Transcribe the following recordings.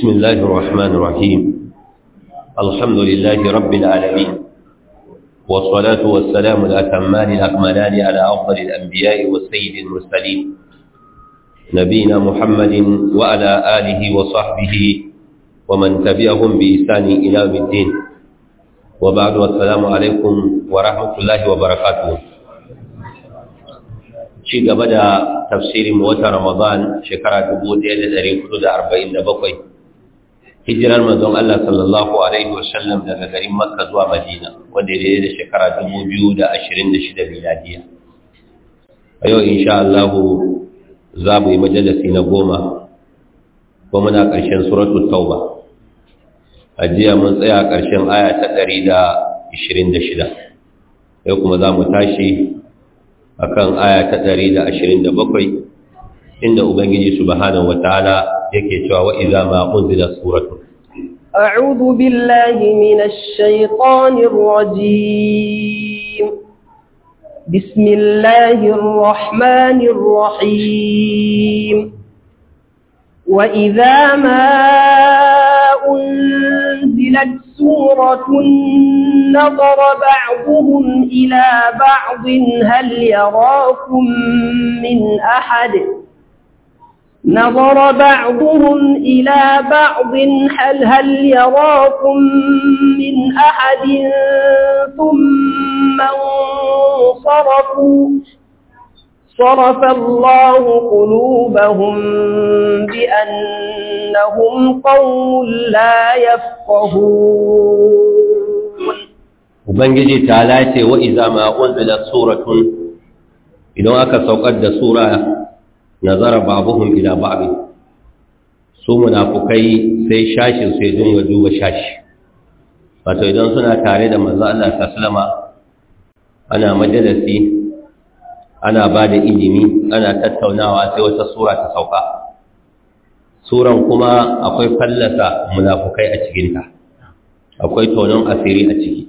بسم الله الرحمن الرحيم الحمد لله رب العالمين والصلاة والسلام الأتمان الأكملان على أفضل الأنبياء والسيد المرسلين نبينا محمد وعلى آله وصحبه ومن تبعهم بإحسان إلى يوم الدين وبعد والسلام عليكم ورحمة الله وبركاته ci gaba da tafsirin wata Ramadan shekara 1447 hijirar manzon Allah sallallahu alaihi wasallam daga garin Makka zuwa Madina wanda ya da shekara 2026 miladiya a yau insha Allah za mu yi majalasi na goma ko muna ƙarshen suratu tauba ajiya mun tsaya ƙarshen aya ta 126 yau kuma za mu tashi a kan aya ta 127 inda ubangiji subhanahu wataala yake cewa wa'iza idza ma zina suratun أعوذ بالله من الشيطان الرجيم بسم الله الرحمن الرحيم وإذا ما أنزلت سورة نظر بعضهم إلى بعض هل يراكم من أحد؟ نظر بعضهم إلى بعض هل هل يراكم من أحد ثم انصرفوا صرف الله قلوبهم بأنهم قوم لا يفقهون وبنجي تعالى وإذا ما أنزلت سورة إذا أكا سوقت سورة nazara babuhum ila ba'd su munafukai sai su sai dinga duba shashi wato idan suna tare da manzo Allah sallama ana majalisi ana ba da ilimi ana tattaunawa sai wata sura ta sauka suran kuma akwai fallasa munafukai a cikinta akwai tonon asiri a ciki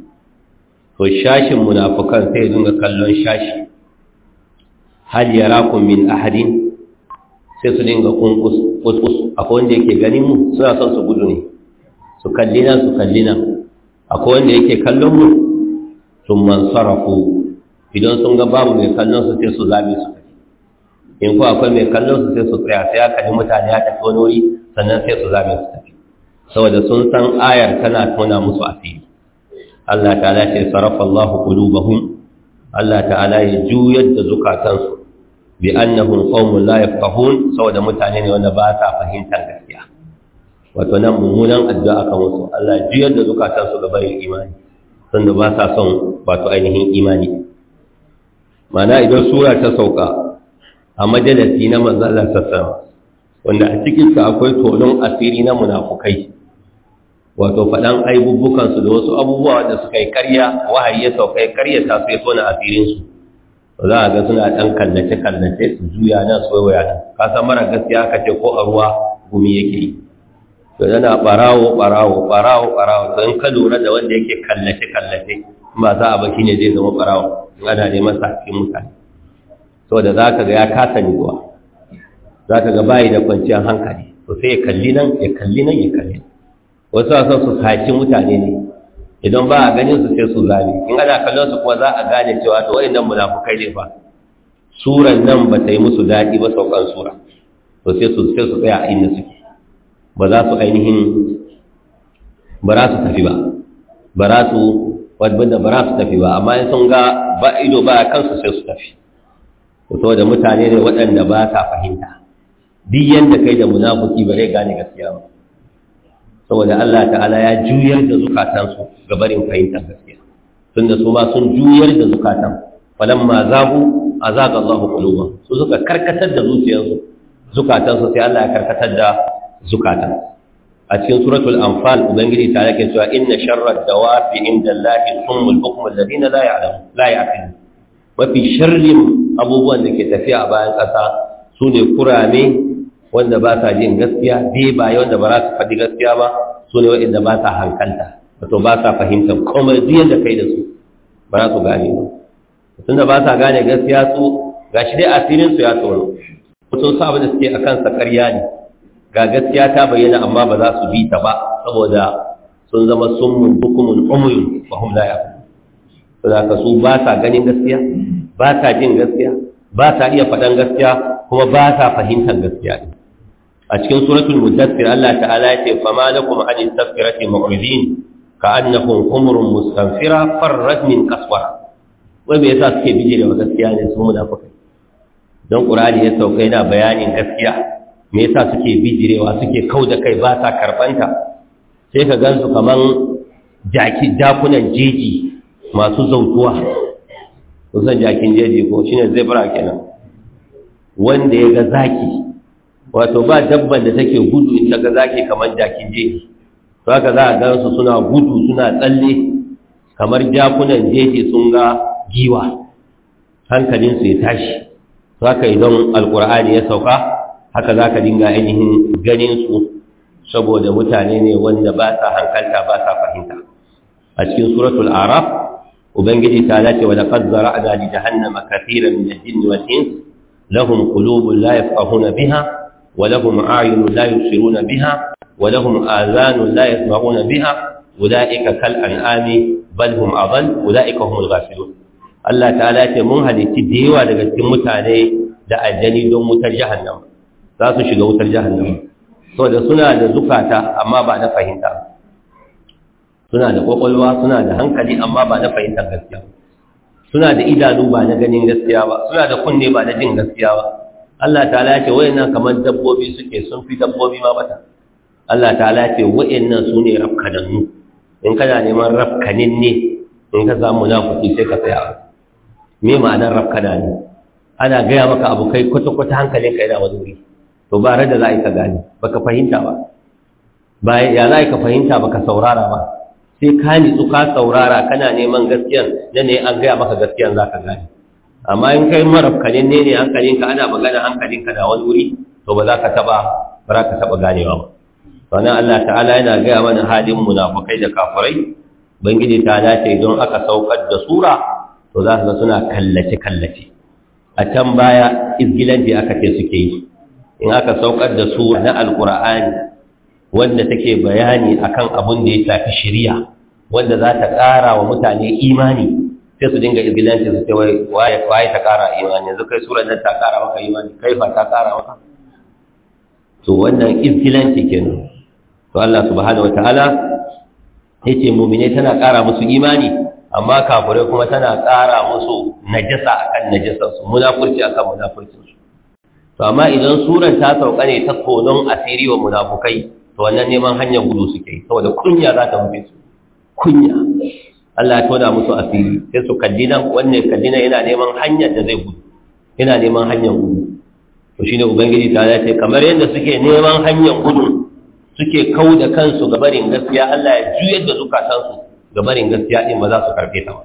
to shashin munafukan sai dinga kallon shashi hal yarakum min ahadin sai su dinga kunkus kuskus akwai wanda yake ganin mu suna son su gudu ne su kallina su kallina, akwai wanda yake kallon mu sun man sarrafu idan sun ga babu mai kallon su sai su zabi su in ko akwai mai kallon su sai su tsaya sai aka yi mutane ya tafi wani wuri sannan sai su zabi su tafi saboda sun san ayar tana tona musu asiri Allah ta'ala ce sarrafa Allahu qulubahum Allah ta'ala ya juyar da zukatansu bi annahum qaumun la yafqahun saboda mutane ne wanda ba sa fahimtar gaskiya wato nan mummunan addu'a kan wasu Allah jiyar da zukatan su gaba yin imani sanda ba sa son wato ainihin imani mana idan sura ta sauka a majalisi na manzo Allah sallallahu wanda a cikin ta akwai tonon asiri na munafukai wato faɗan aibubukan su da wasu abubuwa da suka yi karya wahayi ya sauka ya karya ta sai tona asirin su za a ga suna ɗan kallace-kallace su juya nan soyawaya ka san mara gaskiya aka ce ko a ruwa gumi yake yi to yana ɓarawo ɓarawo ɓarawo ɓarawo don ka lura da wanda yake kallace-kallace ba za a ba shi ne zai zama ɓarawo ana neman sa mutane. mutane da za ka ga ya kasa kuwa, za ka ga bayi da kwanciyar hankali to sai ya kalli nan ya kalli nan ya kalli wasu a son su saci mutane ne idan ba a ganin su sai su zane in ana kallon su kuma za a gane cewa to nan munafukai ne fa suran nan ba ta yi musu daɗi ba saukan sura to sai su sai su tsaya a inda suke ba za su ainihin ba za su tafi ba ba za su wadda ba za su tafi ba amma in sun ga ba ido ba a kansu sai su tafi to da mutane ne waɗanda ba sa fahimta duk yanda kai da munafiki ba zai gane gaskiya ba saboda Allah ta'ala ya juyar da zukatansu ga barin fahimtar gaskiya tunda su ma sun juyar da zukatan falamma zabu azaga Allahu quluba su suka karkatar da zuciyarsu zukatansu sai Allah ya karkatar da zukatan a cikin suratul anfal ubangiji ta yake cewa inna sharrad dawabi inda Allahi summul bukm alladhina la ya'lamun la ya'qilun mafi sharrin abubuwan da ke tafiya a bayan ƙasa sune kurame wanda ba sa jin gaskiya bebaye wanda ba za su faɗi gaskiya ba su ne waɗanda ba sa hankalta wato ba sa fahimtar komai duk yadda kai da su ba za su gane ba tun da ba sa gane gaskiya su ga shi dai asirin su ya tsoro mutum sa abin da suke a kansa ƙarya ne ga gaskiya ta bayyana amma ba za su bi ta ba saboda sun zama mun hukumun umuyun ba hum la yaqilun saboda su ba sa ganin gaskiya ba sa jin gaskiya ba sa iya faɗan gaskiya kuma ba sa fahimtar gaskiya a cikin suratul mudaththir Allah ta'ala ya ce fama lakum an istaghfirati mu'ridin ka annakum umrun mustanfira farrat min qaswara wai me yasa suke bije da gaskiya ne su munafiki don qur'ani ya sauka yana bayanin gaskiya me yasa suke bijirewa suke kau da kai ba sa karbanta sai ka gansu kaman jaki dakunan jeji masu zautuwa kusan jakin jeji ko shine zebra kenan wanda ya ga zaki wato ba dabban da take gudu in daga zaki kamar jakin jeji to haka za a gansu suna gudu suna tsalle kamar jakunan jeji sun ga giwa hankalinsu ya tashi to haka idan alkur'ani ya sauka haka za ka dinga ainihin ganinsu saboda mutane ne wanda ba sa hankalta ba sa fahimta a cikin suratul araf ubangiji ta lace wa laqad zara'na li jahannama katiran min al-jinni wal ins lahum qulubun la yafqahuna biha ولهم أعين لا يبصرون بها ولهم آذان لا يسمعون بها أولئك كالأنعام بل هم أضل أولئك هم الغافلون Allah ta'ala ce mun halitti da yawa daga cikin mutane da aljani don wutar jahannam za su shiga wutar jahannam so da suna da zukata amma ba na fahimta suna da kwakwalwa suna da hankali amma ba na fahimtar gaskiya suna da idanu ba na ganin gaskiya ba suna da kunne ba na jin gaskiya ba Allah ta'ala ce wayannan kamar dabbobi suke sun fi dabbobi ma bata Allah ta'ala ce wayannan su ne rafkanannu in kana neman rafkanin ne in ka samu nafuki sai ka tsaya me ma'anar rafkanannu ana gaya maka abu kai kwata-kwata hankalin ka yana wani wuri to ba da za a yi ka gani baka fahimta ba ba ya za a yi ka fahimta baka saurara ba sai ka nitsu ka saurara kana neman gaskiyan nan ne an gaya maka gaskiyan za ka gani amma in kai marafkanin ne ne hankalinka ana magana hankalinka da wani wuri to ba za ka taba ba za ka taba ganewa ba Wannan Allah ta'ala yana gaya mana halin munafukai da kafirai bangiji ta dace don aka saukar da sura to za su ga suna kallace kallace a can baya izgilanci aka ce suke yi in aka saukar da sura na alqur'ani wanda take bayani akan abun da ya tafi shari'a wanda za ta ƙara wa mutane imani sai su dinga ibilanci su ce wai waye ta kara imani yanzu kai sura nan ta kara maka imani kai fa ta kara maka to wannan ibilanci kenan to Allah subhanahu wataala yace mu'mine tana kara musu imani amma kafirai kuma tana kara musu najasa akan najasa su munafurci akan munafurci. su to amma idan suran ta sauka ne ta konon asiri wa munafukai to wannan neman hanyar gudu suke saboda kunya za ta mutu kunya Allah ya tona musu asiri sai su kalli nan wanne kalli nan yana neman hanyar da zai gudu yana neman hanyar gudu to shine ubangiji ta ya ce kamar yadda suke neman hanyar gudu suke kau da kansu ga barin gaskiya Allah ya juyar da zukatansu ga barin gaskiya din ba za su karfe ta ba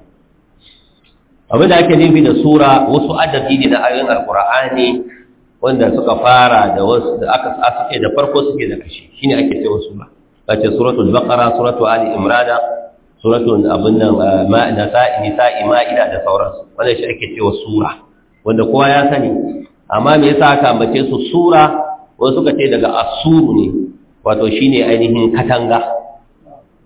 abin da ake nufi da sura wasu adadi ne na ayoyin alkur'ani wanda suka fara da wasu da aka suke da farko suke da kashi shine ake cewa sura kace suratul baqara suratu ali imrana suratun abin nan eh, sa'i ma'ida da sauransu wanda shi ake cewa sura wanda kowa ya sani amma me yasa aka ambace su sura wasu suka ce daga asuru ne wato shine ainihin katanga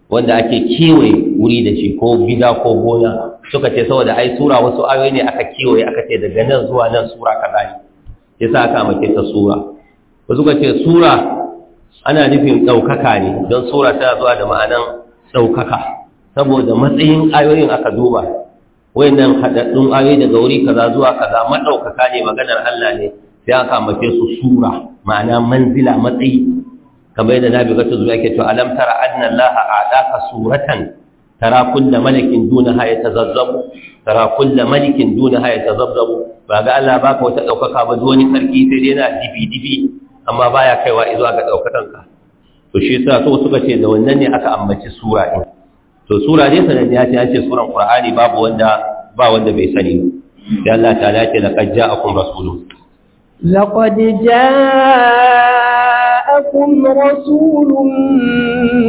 wanda ake kewaye wuri da shi ko gida ko gona suka ce saboda ai sura wasu ayoyi ne aka kewaye aka ce daga nan zuwa nan sura kaza ya yasa aka ambace ta sura wasu suka ce sura ana nufin ɗaukaka ne don sura tana zuwa da ma'anan ɗaukaka saboda matsayin ayoyin aka duba wayannan hadaddun ayoyi daga wuri kaza zuwa kaza madaukaka ne maganar Allah ne sai aka ambace su sura ma'ana manzila matsayi kamar yadda nabi gata zuwa yake to alam tara anna Allah a'daka suratan tara kullu malakin dunaha yatazabzabu tara kullu malakin dunaha yatazabzabu ba ga Allah baka wata daukaka ba wani sarki sai dai yana dibi dibi amma baya kaiwa zuwa ga daukakanka to shi yasa so suka ce da wannan ne aka ambaci sura din to sura dai ya ce ce suran qur'ani babu wanda ba wanda bai sani sai Allah ta lace laqad ja'akum rasulun laqad ja'akum rasulun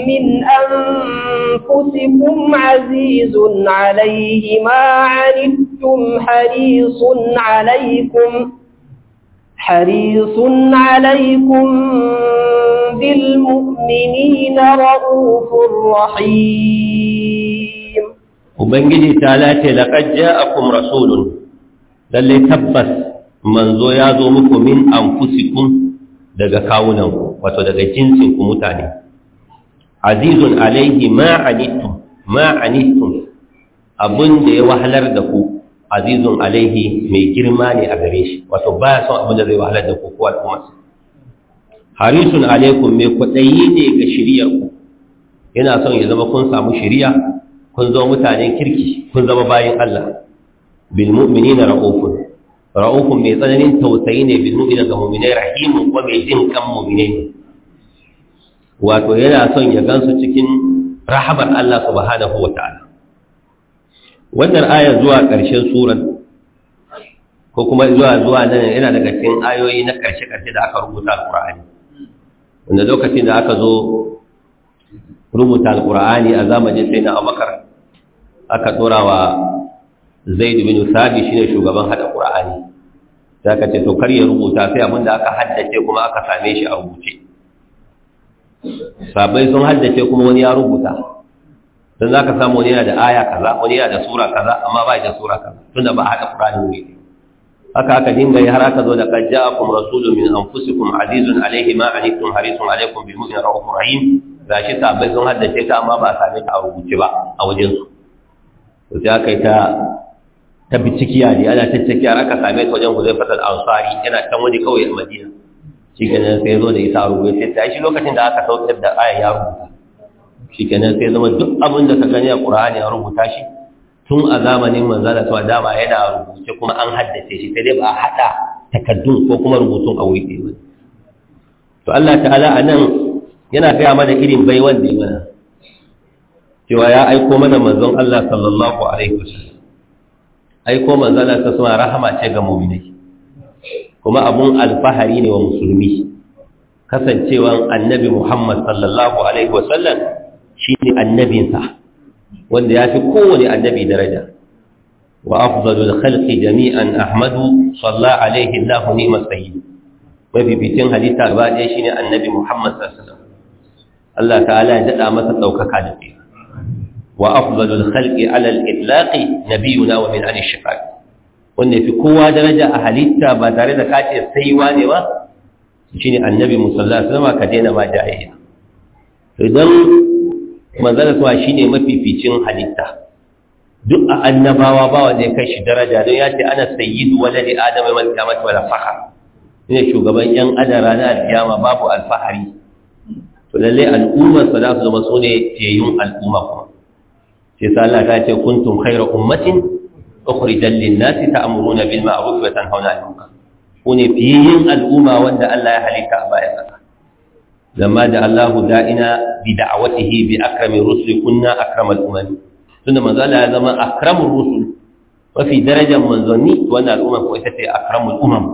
min anfusikum azizun alayhi ma 'anittum harisun alaykum حريص عليكم بالمؤمنين رؤوف رحيم وبنجي تعالى لقد جاءكم رسول للي تبس manzo ya zo muku min anfusikum daga kawunanku wato daga jinsinku mutane azizun alaihi ma anittum ma abin da ya wahalar da ku azizun alaihi mai girma ne a gare shi wato baya son abin da zai wahalar da ku ko al'ummarsa harisun alaikum mai kwaɗayi ne ga shiriyar ku yana son ya zama kun samu shiriya kun zama mutanen kirki kun zama bayin Allah bil mu'minina ra'ufun ra'ufun mai tsananin tausayi ne bil mu'minina ga mu'minai rahimu ko mai jin kan mu'minai ne wato yana son ya gansu cikin rahabar Allah subhanahu wa ta'ala wannan aya zuwa ƙarshen suran ko kuma zuwa zuwa nan yana daga cikin ayoyi na ƙarshe-ƙarshe da aka rubuta alƙur'ani wanda lokacin da aka zo rubuta alƙur'ani a zamanin sai na abakar aka ɗora wa zaid bin sabi shine shugaban hada ƙur'ani sai aka ce to kar ya rubuta sai abinda aka haddace kuma aka same shi a rubuce sabai sun haddace kuma wani ya rubuta don za samu wani yana da aya kaza wani yana da sura kaza amma ba da sura kaza tunda ba haɗa ƙurani ne haka aka dinga yi har aka zo da qad ja'akum rasulun min anfusikum azizun alayhi ma anittum harisun alaykum bil mu'minina rahmanur rahim gashi sabai sun haddace ta amma ba a same ka a rubuce ba a wajen su to sai aka yi ta ta bicikiya ne ana ta cikiya aka same ta wajen Huzaifa fatal ansari yana can wani kawai a Madina shi ganin sai zo da isa rubuce sai shi lokacin da aka saukar da aya ya rubuta shikenan sai zama duk abin da ka gani a Qur'ani a rubuta shi tun a zamanin manzala ta dama yana a rubuce kuma an haddace shi sai dai ba a haɗa takaddun ko kuma rubutun a wuri ba to Allah ta'ala a nan yana gaya mana irin baiwan da ya mana cewa ya aiko mana manzon Allah sallallahu alaihi wasallam aiko manzon ta suna rahama ce ga mu'minai kuma abun alfahari ne wa musulmi kasancewan annabi Muhammad sallallahu alaihi wasallam shi ne annabinsa wanda ya fi kowane annabi daraja wa afdalul khalqi jami'an ahmadu salla alaihi Sallam allah ni'mas sayyid mafificin halitta gaba ɗaya shine annabi muhammad sallallahu alaihi wasallam allah ta'ala ya dada masa daukaka da tsira wa afdalul khalqi ala al-itlaqi nabiyuna wa min ali shifaq wanda fi kowa daraja a halitta ba tare da kace sai wane ba shine annabi musallallahu alaihi wasallam ka daina ma jahiliya idan manzala shi ne mafificin halitta duk a annabawa ba wanda ya kai shi daraja don ya ce ana sayyidu waladi adam mai malkamat wala fakhar ne shugaban yan adam rana alfiyama babu alfahari to lalle al'ummar su za su zama su ne yayin al'umma kuma sai sa Allah ta ce kuntum khayra ummatin ukhrijat lin-nas ta'muruna bil ma'ruf wa tanhauna 'anil munkar ku ne fiyin al'umma wanda Allah ya halitta a baya kasa Zama da Allahu da'ina bi da'awatihi bi akrami rusuli kunna akramal umam tunda manzo Allah ya zama akramul rusul mafi darajar manzanni wannan al'umma ko ita ce akramul umam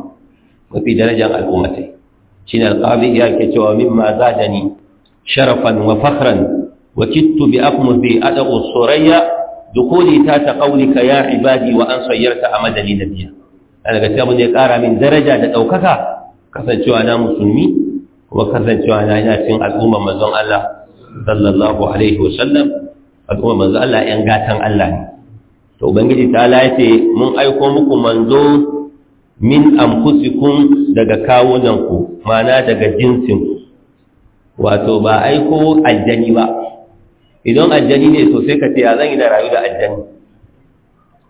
mafi darajar al'ummatai shine alqabi ya ke cewa mimma zadani sharafan wa fakhran wa kittu bi aqmuthi adqu suraya dukuli ta ta qaulika ya ibadi wa an sayyarta amadani nabiyya daga cikin abin da ya kara min daraja da daukaka kasancewa na musulmi kuma kasancewa na yana cin al'umma manzon Allah sallallahu alaihi wasallam al'umma manzon Allah yan gatan Allah ne to ubangiji ta Allah mun aiko muku manzo min anfusikum daga kawunanku mana daga jinsin wato ba aiko aljani ba idan aljani ne to sai ka ce ya zan yi da rayu da aljani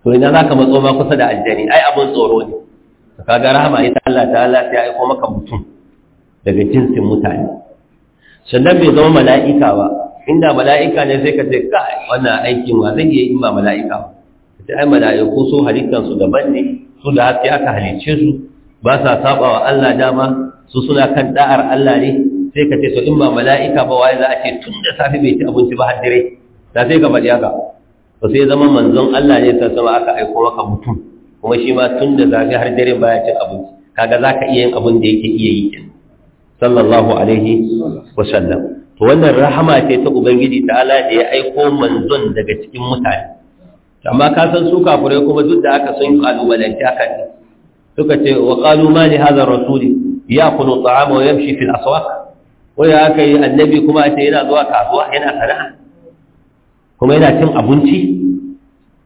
to idan za ka matso ma kusa da aljani ai abin tsoro ne ka ga rahama ita Allah ta Allah sai aiko maka mutum daga jinsin mutane sannan bai zama mala'ika ba inda mala'ika ne sai ka ce ka wannan aikin wa zai yi in ba mala'ika ba ta ai mala'iku su halittansu daban ne su da haske aka halicce su ba sa saba wa Allah dama su suna kan da'ar Allah ne sai ka ce to in ba mala'ika ba wai za a ce tun da safe bai ci abinci ba har dare ta sai ka faɗi haka ba sai zama manzon Allah ne sai sama aka aiko maka mutum kuma shi ma tun da zafi har dare baya cin abinci kaga ka iya yin abin da yake iya yi kenan. sallallahu alaihi wasallam to wannan rahama ce ta ubangiji ta'ala da ya aiko manzon daga cikin mutane amma ka san su kafure kuma duk da aka san kalubalanci aka ne suka ce wa qalu ma li hadha rasuli ya'kulu ta'ama wa yamshi fil aswaq wa ya kai annabi kuma ce yana zuwa kasuwa yana sana'a kuma yana cin abinci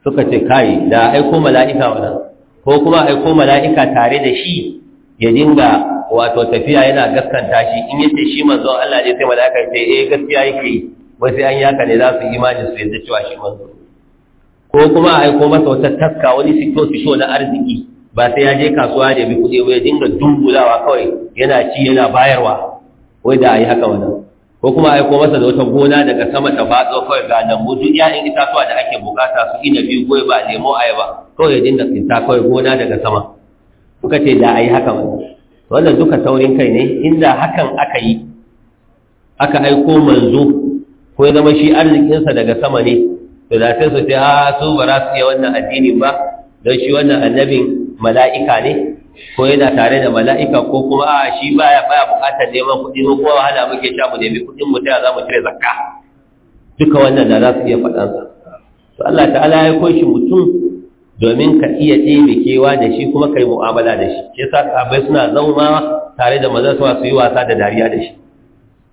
suka ce kai da aiko mala'ika wannan ko kuma aiko mala'ika tare da shi ya dinga wato tafiya yana gaskanta shi in yace shi manzon Allah ne sai malaka ya ce eh gaskiya yake wai sai an yaka ne za su imani su yadda cewa shi manzo ko kuma a aiko masa wata taska wani sito sito na arziki ba sai ya je kasuwa da bi kuɗi ya dinga dungulawa kawai yana ci yana bayarwa wai da ayi haka wannan ko kuma a aiko masa da wata gona daga sama ta fatso kawai ga nan mutu ƴaƴan itatuwa da ake bukata su ina biyu goyi ba lemo ayaba kawai ya dinga tsinta kawai gona daga sama suka ce da a yi wani wannan duka saurin kai ne inda hakan aka yi aka aiko manzo ko zama shi arzikinsa daga sama ne to da sai su ce a ah, su ba za su iya wannan addini ba don shi wannan annabin mala'ika ne ko yana tare da mala'ika ko kuma a ah, shi baya baya bukatar neman kuɗi ko kuma wahala muke sha mu nemi kuɗin mu za mu cire zakka duka wannan da za su iya faɗansa to Allah ta'ala ya koshi mutum domin ka iya ɗebe da shi kuma kai mu'amala da shi Ya sa sabai suna zauna tare da manzon suwa su yi wasa da dariya da shi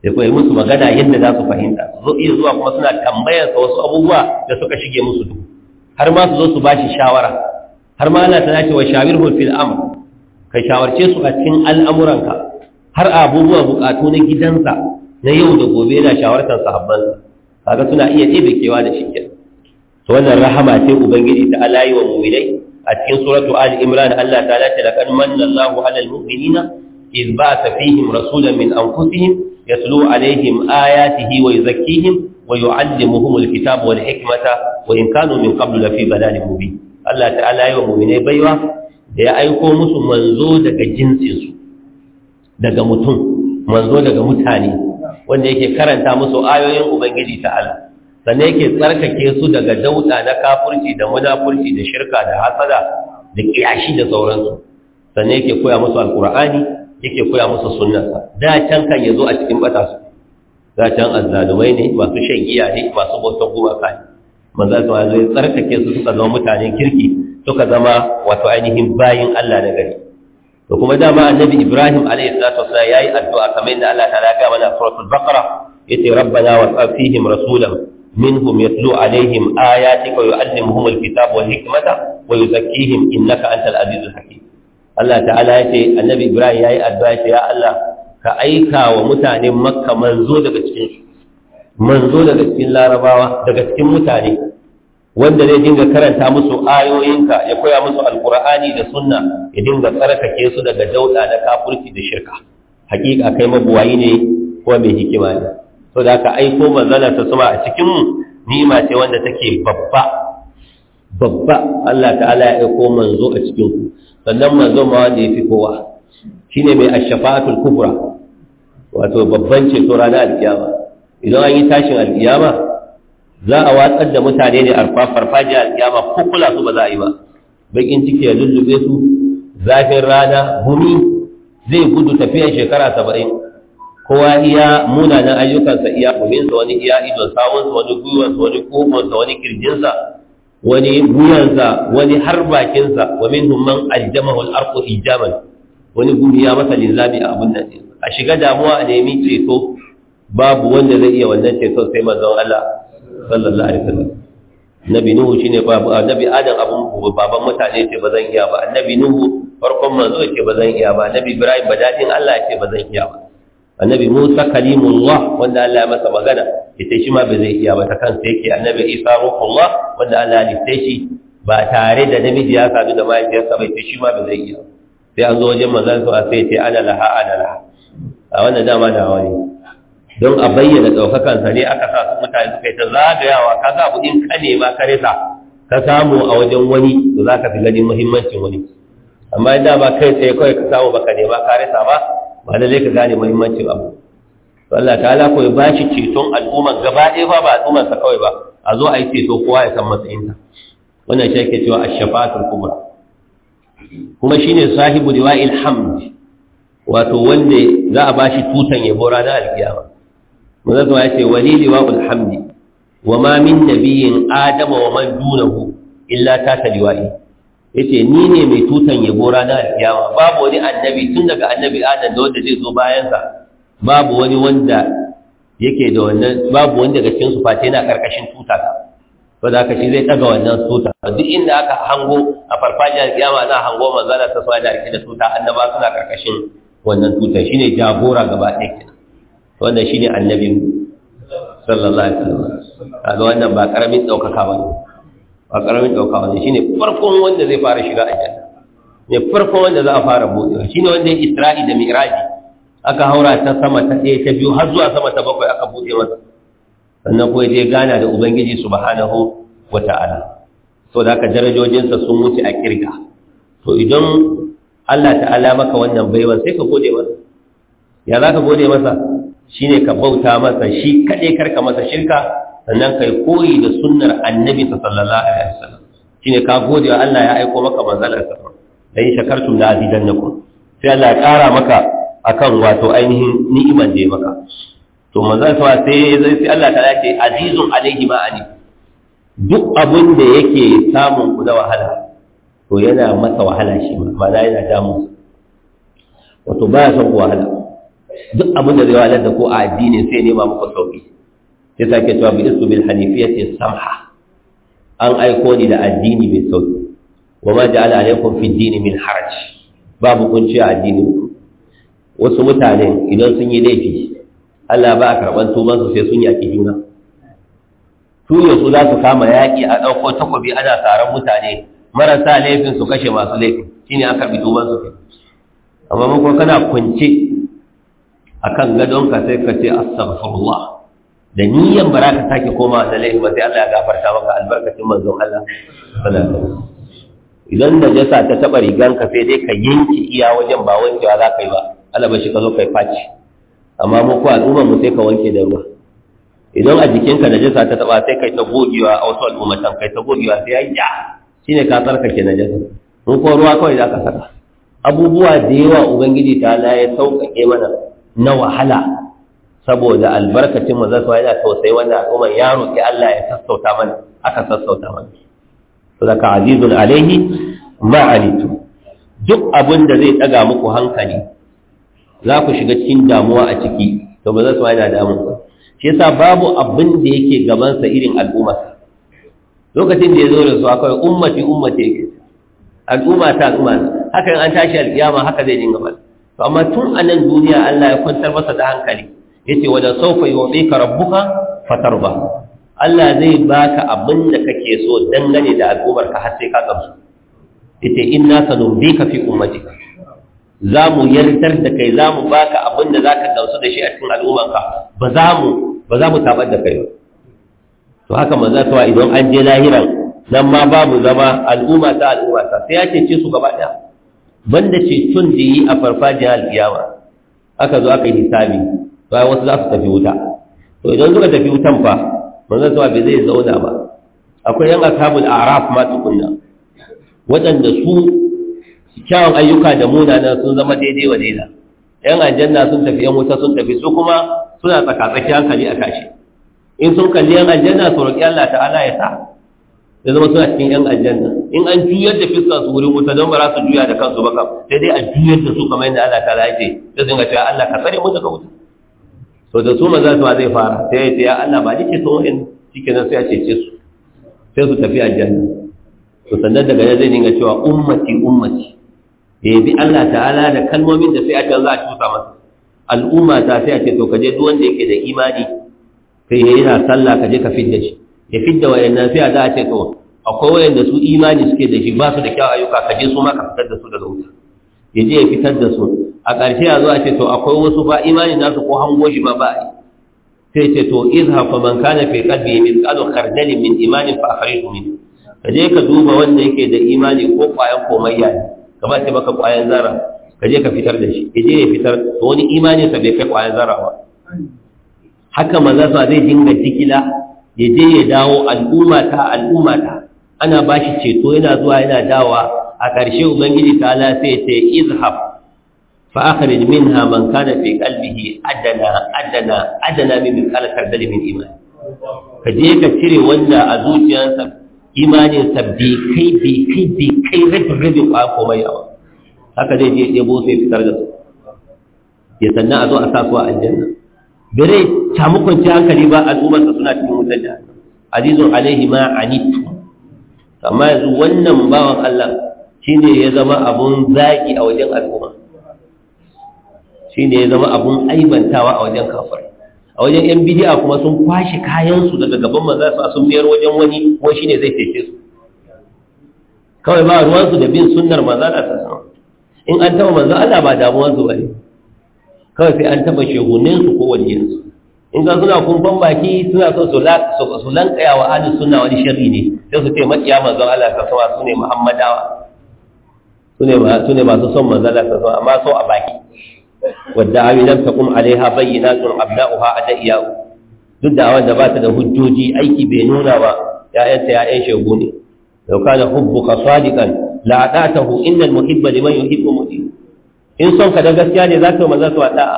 da koyi musu magana yadda za su fahimta zo iya zuwa kuma suna tambayar sa wasu abubuwa da suka shige musu duk har ma su zo su bashi shawara har ma Allah tana cewa shawirhu fil amr ka shawarce su a cikin al'amuranka har abubuwa bukatu na gidansa na yau da gobe yana shawartar sahabbansa kaga suna iya taimakewa da shi kenan wannan rahama sai ubangiji ta yi wa mu'minai a cikin suratu ali imran Allah ta lati da kan manna Allahu alal mu'minina iz ba'atha fihim rasulan min anfusihim yatlu alaihim ayatihi wa yuzakkihim wa yu'allimuhum alkitaba wal hikmata wa in kanu min qablu lafi dalalin mubin Allah ta'ala yi wa mu'minai baiwa da ya aiko musu manzo daga jinsinsu daga mutum manzo daga mutane wanda yake karanta musu ayoyin ubangiji ta'ala sannan yake tsarkake su daga dauda na kafurci da munafurci da shirka da hasada da kiyashi da sauransu sannan yake koya musu alkur'ani yake koya musu sunna da can kan yazo a cikin bata su da can azzalumai ne masu shan giya ne masu bautan goma ne manzo ta zo ya tsarkake su suka zama mutane kirki suka zama wato ainihin bayin Allah da gari to kuma dama annabi Ibrahim alayhi salatu wasallam yayi addu'a kamar inda Allah ta raka mana suratul baqara yace rabbana wa fihim rasulan منهم يتلو عليهم آياتك ويعلمهم الكتاب والحكمة ويزكيهم إنك أنت العزيز الحكيم Allah ta'ala ya ce annabi Ibrahim yayi addu'a ya ya Allah ka aika wa mutanen Makka manzo daga cikin manzo daga cikin Larabawa daga cikin mutane wanda zai dinga karanta musu ayoyinka ya koya musu alqur'ani da sunna ya dinga tsarkake su daga dauda da kafirci da shirka hakika kai mabuwayi ne ko mai hikima ne to da ka aiko manzala ta suma a cikin mu nima ce wanda take babba babba Allah ta'ala ya aiko manzo a cikin ku sannan manzo ma wanda fi kowa shine mai ash-shafa'atul kubra wato babban ceto rana alkiyama idan an yi tashin alkiyama za a watsar da mutane ne arfa farfajiya alkiyama ko su ba za a yi ba bakin ciki ya lullube su zafin rana gumi zai gudu tafiyar shekara saba'in kowa iya munanan ayyukansa iya kuminsa wani iya idon sawunsa wani gwiwansa wani kogonsa wani kirjinsa wani wuyansa wani har bakinsa wa minhum man aljamahu al-arqu hijaban wani gumi ya masa linzami a abun nan a shiga damuwa a nemi ceto babu wanda zai iya wannan ceto sai manzon Allah sallallahu alaihi wasallam nabi nuhu shine babu nabi adam abun baban mutane ce bazan iya ba annabi nuhu farkon manzo ce bazan iya ba nabi ibrahim badadin Allah ce bazan iya ba annabi Musa kalimullah wanda Allah ya masa magana ita shi ma ba zai iya ba ta kansa yake annabi Isa ruhullah wanda Allah ya liste shi ba tare da namiji ya sadu da mahaifiyarsa ba ita shi ma ba zai iya sai an zo wajen manzon sa sai ce ana laha ana laha a wannan dama da wani don a bayyana daukakan sa ne aka sa mutane suka yi ta zagayawa ka ga budin kane ma ka rasa ka samu a wajen wani to zaka fi gani muhimmancin wani amma idan ba kai tsaye kawai ka samu baka nema ka rasa ba ba zai ka gane muhimmancin abu to Allah ala ko ya bashi ceton al'ummar. gaba ɗaya ba ba al'ummar sa kawai ba a zo a yi ceto kowa ya san matsayinta wannan shi ake cewa ash-shafa'atul kubra kuma shine sahibu liwa'il hamd wato wanda za a bashi tutan yabo ranar alkiyama manzo ya ce wali liwa'ul hamd wa ma min nabiyyin adama wa man dunahu illa ta liwa'i yace ni ne mai tutan yabo ranar alkiyama babu wani annabi tun daga annabi adam da wanda zai zo bayan sa babu wani wanda yake da wannan babu wanda daga cikin su face yana karkashin tuta ka. ba da haka shi zai daga wannan tuta duk inda aka hango a farfajiyar alkiyama ana hango manzala ta sa da rike da tuta annaba suna karkashin wannan tuta. shine jagora gaba ɗaya wannan shine annabi sallallahu alaihi wasallam kaga wannan ba karamin daukaka bane ba karamin daukawa ne shine farkon wanda zai fara shiga aljanna ne farkon wanda za a fara buɗewa shine wanda ya isra'i da mi'raji aka haura ta sama ta ɗaya ta biyu har zuwa sama ta bakwai aka buɗe masa sannan kuma ya gana da ubangiji subhanahu wata'ala so da haka darajojinsa sun wuce a kirga to idan Allah ta'ala maka wannan baiwa sai ka gode masa ya za ka gode masa shine ka bauta masa shi kaɗai karka masa shirka sannan kai koyi da sunnar annabi sallallahu alaihi wasallam shine ka gode wa Allah ya aiko maka manzalar sa dan in shakartum azidan azidannakum sai Allah ya kara maka akan wato ainihin ni'imar da ya maka to manzon sa sai sai Allah ta ce azizun alaihi ma ani duk abin da yake samun ku da wahala to yana masa wahala shi ma ma'ana yana damu wato ba ya son ku wahala duk abin da zai wahalar da ko a addini sai ne ma muku sauki ya sake cewa bi isu bil hanifiyati samha an aiko ni da addini mai sauki wa ma ja'ala alaikum fi dini min haraj babu kunci a addini wasu mutane idan sun yi laifi Allah ba a karban tuban su sai sun yaki juna su ne su za su kama yaki a ɗauko takobi ana tsaron mutane marasa laifin su kashe masu laifin shine aka bi tuban su kai amma mun kana kunce akan gadonka sai ka ce astaghfirullah da niyyan ba za ka sake koma da laifi ba sai Allah ya gafarta maka albarkacin manzon Allah idan da jasa ta taba ka sai dai ka yanke iya wajen ba wankewa za ka yi ba Allah bai shi ka zo kai faci amma mu ko al'umma mu sai ka wanke da ruwa idan a jikinka najasa ta taba sai kai ta gogewa a wasu al'ummatan kai ta gogewa sai ya ja shine ka tsarkake najasa mu ko ruwa kawai za ka saka abubuwa da yawa ubangiji ta Allah ya sauƙaƙe mana na wahala saboda albarkacin mu zasu yana tausayi wannan al'umma ya roki Allah ya sassauta mana aka sassauta mana sadaka azizun alaihi ma alitu duk abinda zai daga muku hankali za ku shiga cikin damuwa a ciki to ba zasu yana damun ku shi yasa babu abin da yake gaban sa irin al'umma lokacin da ya zo da su akwai ummati ummati yake al'umma ta al'umma haka an tashi alkiyama haka zai dinga mana to amma tun a nan duniya Allah ya kwantar masa da hankali yace wala sawfa yu'tika rabbuka fatarba Allah zai baka abin da kake so dangane da al'ummar ka har sai ka gamsu yace inna sanubika fi ummatika za mu da kai za mu baka abin da zaka gamsu da shi a cikin al'ummarka ba za mu ba zamu tabar da kai ba to haka manzo ta idan an je lahiran nan ma babu zama al'umma ta al'umma ta sai ya ce su gaba daya banda ce tun da yi a farfajiyar alkiyama aka zo aka yi hisabi ba wasu za su tafi wuta to idan suka tafi wutan fa manzon sama bai zai zauna ba akwai yan ashabul a'raf ma tukunna waɗanda su kyawun ayyuka da munanan sun zama daidai wa daida yan aljanna sun tafi yan wuta sun tafi su kuma suna tsakatsaki hankali a tashi in sun kalli yan aljanna su roƙi Allah ta'ala ya sa da zama suna cikin yan aljanna in an juyar da fiskar su wurin wuta don ba za su juya da kansu ba kam sai dai a juyar da su kamar yadda Allah ta'ala ya ce sai sun ga cewa Allah ka tsare mu daga wuta to da su maza su ma zai fara sai ya ce ya Allah ba nake so in cikin nan sai ya cece su sai su tafi aljanna to sannan daga nan zai dinga cewa ummati ummati da bi Allah ta'ala da kalmomin da sai a can za a tusa masa al'umma ta sai a ce to kaje duk wanda yake da imani sai ya yana sallah kaje ka fidda shi ya fidda wayannan sai a za a ce to akwai wayanda su imani suke da shi ba su da kyau ayyuka kaje su ma ka fitar da su daga wuta ya je ya fitar da su a ƙarshe a zuwa ce to akwai wasu ba imanin nasu ko hango shi ba ba a sai ce to izha fa man kana fi qalbi qalu khardalin min imanin fa akhrij min ka je ka duba wanda yake da imani ko kwayan komayya ne kamar ce baka kwayan zara ka je ka fitar da shi ya je ya fitar to wani imanin sa bai kai kwayan zara ba haka maza sa zai dinga jikila ya je ya dawo al'umma ta al'umma ta ana ba shi ceto yana zuwa yana dawa a ƙarshe ubangiji ta ala sai ce izhab fa’akarin min ha man kada fi adana adana adana min kalatar dare min ka je ka cire wanda a zuciyarsa imanin sabbi kai bi kai bi kai rabin-rabin ba ko mai yawa haka zai je ɗebo sai fitar da su ya sannan a zo a sa su a aljanna bere tamukon ci hankali ba al'ummarsa suna cikin wutar da azizun alaihi ma anitu amma yanzu wannan bawan allah shine ya zama abun zaƙi a wajen al'umma shine ya zama abun aibantawa a wajen kafar a wajen yan bidiya kuma sun kwashe kayan su daga gaban manzo sa sun biyar wajen wani ko shine zai cece su kawai ba ruwan su da bin sunnar manzo Allah sallallahu alaihi in an taba manzo Allah ba damuwan su bane kawai sai an taba shegunin su ko waliyin su in ga suna kumfan baki suna so su lankaya wa ahlus sunna wani sharri ne sai su ce makiya manzo Allah sallallahu alaihi wasallam sune muhammadawa sune ba sune masu son manzo Allah sassawa, amma so a baki والدعاوي lam taqum alaiha بينات أبناؤها أدئياء duk da wanda ba ta da hujjoji aiki bai nuna ba ‘ya'yanta ‘ya'yan shegu ne, to kana hubbu qasadikan la la'adatahu inna muhibba liman yuhibbu muti in son ka da gaskiya ne za yi maza su wada'a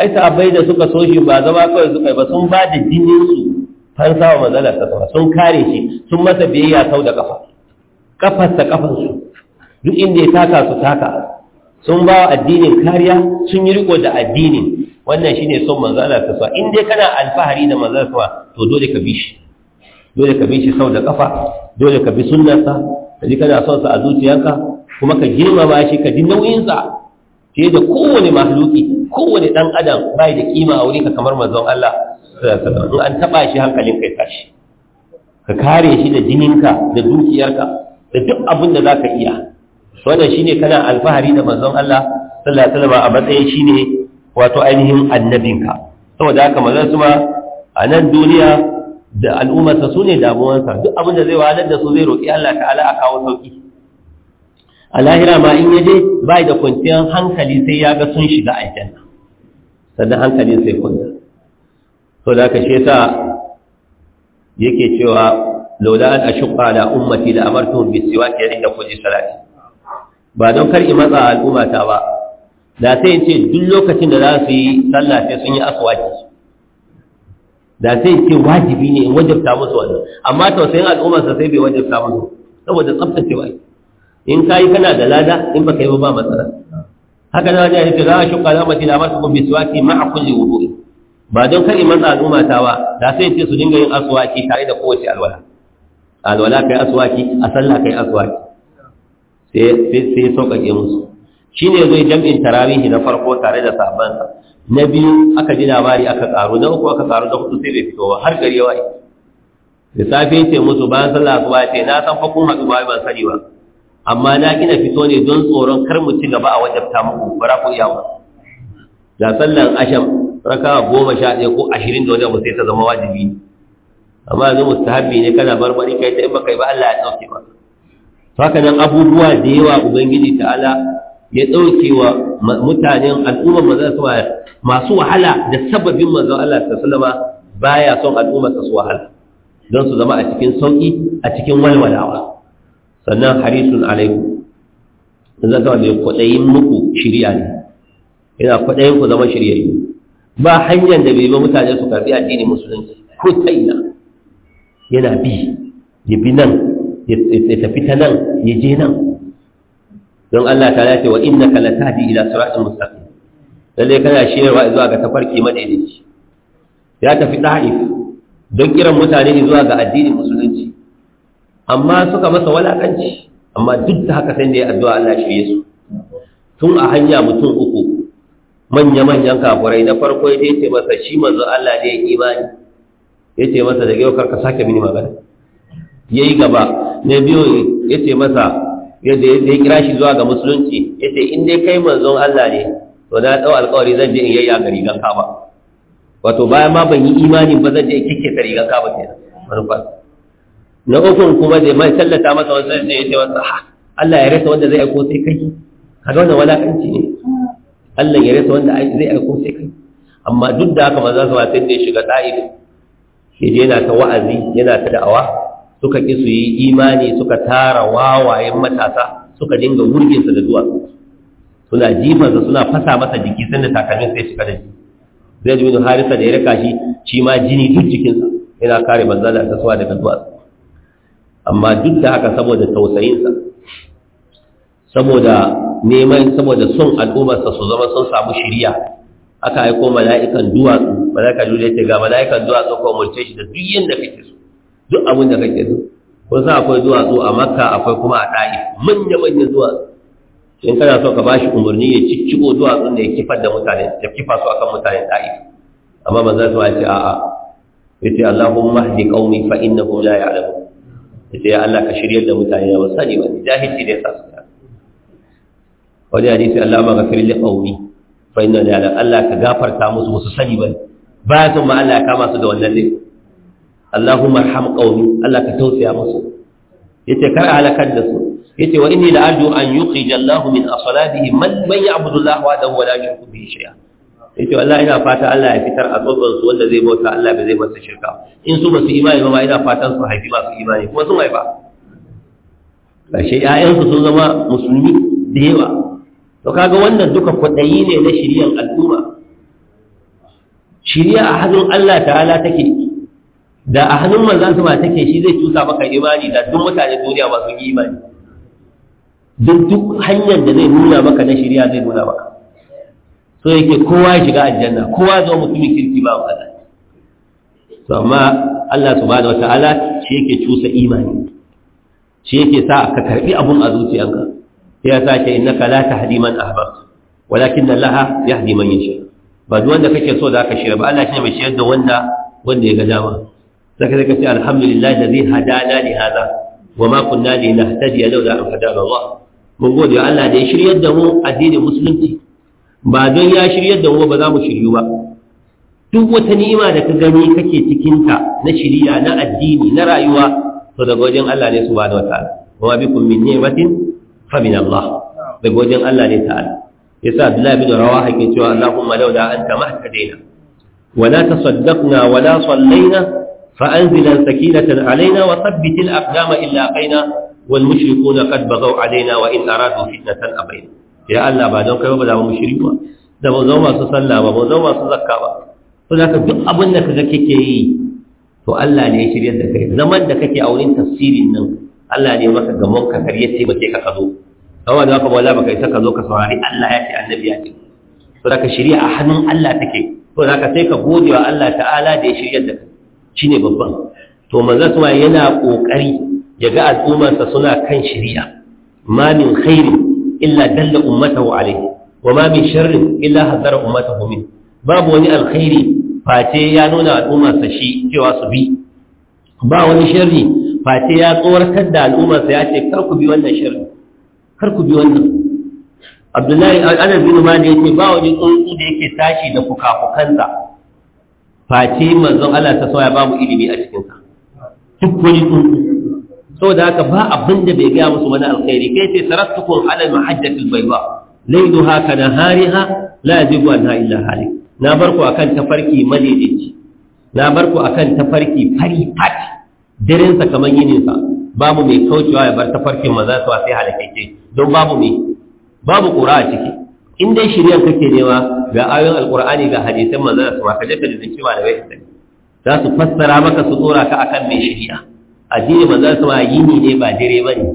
ai abai da suka so shi ba zama kawai suka ba sun ba da jinin su fansa wa mazalar ta sama sun kare shi sun masa biyayya sau da kafa kafarsa su duk inda ya taka su taka sun ba addinin kariya sun yi riko da addinin wannan shine son manzo Allah ta sa in dai kana alfahari da manzo Allah to dole ka bi shi dole ka bi shi sau da kafa dole ka bi sunnarsa Kaji kana son sa a zuciyarka kuma ka girmama shi ka ji nauyin sa fiye da kowane mahluki kowane dan adam bai da kima a wurinka kamar manzon Allah sallallahu alaihi wasallam an taba shi hankalin kai tashi ka kare shi da jininka da dukiyarka da duk abin da zaka iya wannan shine kana alfahari da manzon Allah sallallahu alaihi wasallam a matsayin shine wato ainihin annabinka saboda haka manzon su ma a nan duniya da al'ummarsa su ne damuwansa duk abin da zai wahalar da su zai roƙi Allah ta'ala a kawo sauƙi a lahira ma in yaje bai da kwanciyar hankali sai ya ga sun shiga aljanna sannan hankalin sai kunna. to da ka ce ta yake cewa laula an ashqa ala ummati la amartu bi siwaki inda kulli salati ba don kar matsa al'umma ta ba da sai ce duk lokacin da za su yi sallah sai sun yi aswaji da sai ce wajibi ne in wajabta musu wannan amma tausayin al'umma sa sai bai wajabta musu saboda tsaftace wai in kai kana da lada in baka yi ba matsala haka da wajen yake za a shuka za mace da masu kun ma a kulli wudu'i ba don kar matsa al'umma ta ba da sai ce su dinga yin aswaki tare da kowace alwala alwala kai aswaki a sallah kai aswaki sai ya sauƙaƙe musu shi ne zai jam'in tarawihi na farko tare da sabansa na biyu aka ji labari aka ƙaru na uku aka ƙaru na hudu sai bai fito har gari yawa da safe ce musu bayan sallah asuba ce na san fa kun haɗu ba ban sani ba amma na gina fito ne don tsoron kar mu ci gaba a wajabta muku bara ku iya ba da sallan asham raka goma sha ɗaya ko ashirin da wajen mu sai ta zama wajibi amma yanzu mustahabi ne kana barbari kai ta in ba kai ba Allah ya ɗauke ba haka nan abubuwa da yawa ubangiji ta'ala ya dauke wa mutanen al'ummar manzon sama masu wahala da sababin manzon Allah ta alaihi baya son al'ummar su wahala don su zama a cikin sauki a cikin walwalawa sannan harisun alaikum zan zama mai kwaɗayin muku shirya ne yana kwaɗayin ku zama ne ba hanyar da bai ba mutane su karɓi addini musulunci ko ta ina yana bi ya bi nan ya tafi ta nan ya je nan don Allah ta ce wa innaka latahdi ila siratin mustaqim lalle kana shirewa zuwa ga tafarki madaidaici ya tafi da'if don kiran mutane zuwa ga addinin musulunci amma suka masa walakanci amma duk da haka sai da ya addu'a Allah shi su tun a hanya mutum uku manya-manyan kafurai na farko ya ce masa shi manzo Allah ne ya imani ya ce masa daga yau karka sake mini magana ya yi gaba na biyu ya ce masa yadda ya kira shi zuwa ga musulunci ya ce in dai kai manzon Allah ne to na ɗau alƙawari zan je in yayya ga rigan kaba wato bayan ma ban yi imani ba zan je in kike ta rigan kaba ke manufar na uku kuma da mai tallata masa wasu ne ya ce masa Allah ya rasa wanda zai aiko sai kai kaga wannan walakanci ne Allah ya rasa wanda zai aiko sai kai amma duk da haka maza su sai da ne shiga ta'if shi yana ta wa'azi yana ta da'awa suka ƙi su yi imani suka tara wawayen matasa suka dinga wurginsa da duwatsu suna jifansa suna fasa masa jiki sun da takalmin sai shiga da shi zai jimin harisa da ya raka shi shi ma jini duk jikinsa yana kare banza da kasuwa daga duwatsu amma duk da haka saboda tausayinsa saboda neman saboda son al'ummarsa su zama sun samu shirya aka aiko mala'ikan duwatsu ga mala'ikan duwatsu ko mulce shi da duk yin kake so duk abin da kake so ko sa akwai duwatsu a makka akwai kuma a ɗa'i manya manya duwatsu in kana so ka bashi umarni ya cicciko duwatsun da ya kifar da mutane ya kifa su akan mutane ɗa'i. amma manzo su ce a'a yace Allahumma hdi qaumi fa innahum la ya'lamun yace ya Allah ka shiryar da mutane ba sani ba jahilci ne sa su wani hadisi Allah ma gafir li qaumi fa da la Allah ka gafarta musu musu sani ba ba su ma Allah ya kama su da wannan laifin Allahumma arham qaumi Allah ka tausaya musu yace kar halakar da su yace wa inni la'arju an yuqija Allah min aslabihim man man ya'budu Allah wa dahu wa la yushriku bihi shay'a yace wallahi ina fata Allah ya fitar a tsotson su wanda zai bauta Allah ba zai masa shirka in su ba su imani ba ina fatan su haifi masu imani kuma sun haifa kashe ƴaƴansu sun zama musulmi da yawa to kaga wannan duka kwadayi ne na shiriyan al'umma shiriya a hannun Allah ta'ala take da a hannun manzan su ba take shi zai tusa maka imani da duk mutane duniya ba su yi imani duk duk hanyar da zai nuna maka na shirya zai nuna maka so yake kowa ya shiga aljanna kowa zo mutumin kirki ba wa to amma Allah subhanahu wataala shi yake cusa imani shi yake sa ka karbi abun a zuciyanka sai ya sace innaka la tahdi man ahbabta walakin Allah yahdi man yasha ba duk wanda kake so da ka shirya ba Allah shi ne mai shirya da wanda wanda ya ga dama zaka zaka ce alhamdulillah da zai hada hadana li hada wa ma kunna li nahtadi laula an hadana Allah mun gode Allah da ya shiryar da mu addinin musulunci ba don ya shiryar da mu ba za mu shiryu ba duk wata ni'ima da ka gani kake cikinta na shiriya na addini na rayuwa to daga wajen Allah ne subhanahu wataala wa bikum min ni'matin fa min Allah daga wajen Allah ne ta'ala yasa Abdullah bin Rawaha yake cewa Allahumma laula anta mahtadaina wa la tasaddaqna wa la sallaina فأنزل سكينة علينا وثبت الأقدام إلا أقينا والمشركون قد بغوا علينا وإن أرادوا فتنة أبينا يا الله بعد أن كيف بدأوا مشركون da ba zama su sallah ba ba zama su zakka ba to zaka duk abin da kaga kake yi to Allah ne ya shirya da kai zaman da kake a wurin tafsirin nan Allah ne maka gamon ka kar ya taimake ka kazo kawai da ka wala baka isa ka zo ka saurari Allah ya ce annabi ya ce to zaka shirya a hannun Allah take to ka sai ka gode wa Allah ta'ala da ya shirya da kai shine babban to manzo kuma yana kokari ya ga al'ummarsa suna kan shari'a ma min khairin illa dalla ummatahu alayhi wa ma min sharrin illa hadara ummatahu min babu wani alkhairi face ya nuna sa shi cewa su bi ba wani sharri face ya tsoratar da sa ya ce kar ku bi wannan sharri kar ku bi wannan abdullahi anas bin malik ce, ba wani tsuntsu da yake tashi da fukafukansa face manzon Allah ta sauya babu ilimi a cikin sa duk wani tsuntsu saboda haka ba abin da bai gaya musu wani alkhairi kai ce sarattukum ala mahajjatil bayda laylaha ka nahariha la yajibu anha illa halik na barku akan tafarki madaidaici na barku akan tafarki fari fat daren sa kaman yinin sa babu mai kaucewa ya bar tafarkin maza su sai halakake don babu mai babu ƙura a ciki in dai shirya kake nema ga ayoyin alkur'ani da hadisan maza su maka daga da cewa da wai sai za su fassara maka su tsora ka akan mai shirya addini manzon su ma yini ne ba dire bane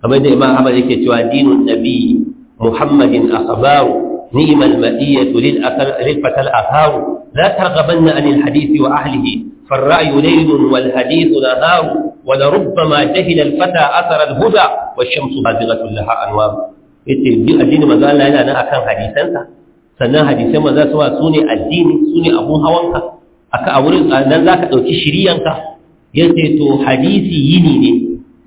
kamar da imam ahmad yake cewa dinun nabi muhammadin akhbaru ni'mal madiyyah lil akal lil fatal afaw la targhabanna an al hadith wa ahlihi فالرأي ليل والحديث نهار ولربما جهل الفتى أثر الهدى والشمس بازغة لها أنوار yace biyu addini manzo Allah yana nan akan hadisansa sannan hadisan manzo sama su ne addini su ne abun hawanka aka a wurin nan zaka dauki shiriyanka yace to hadisi yini ne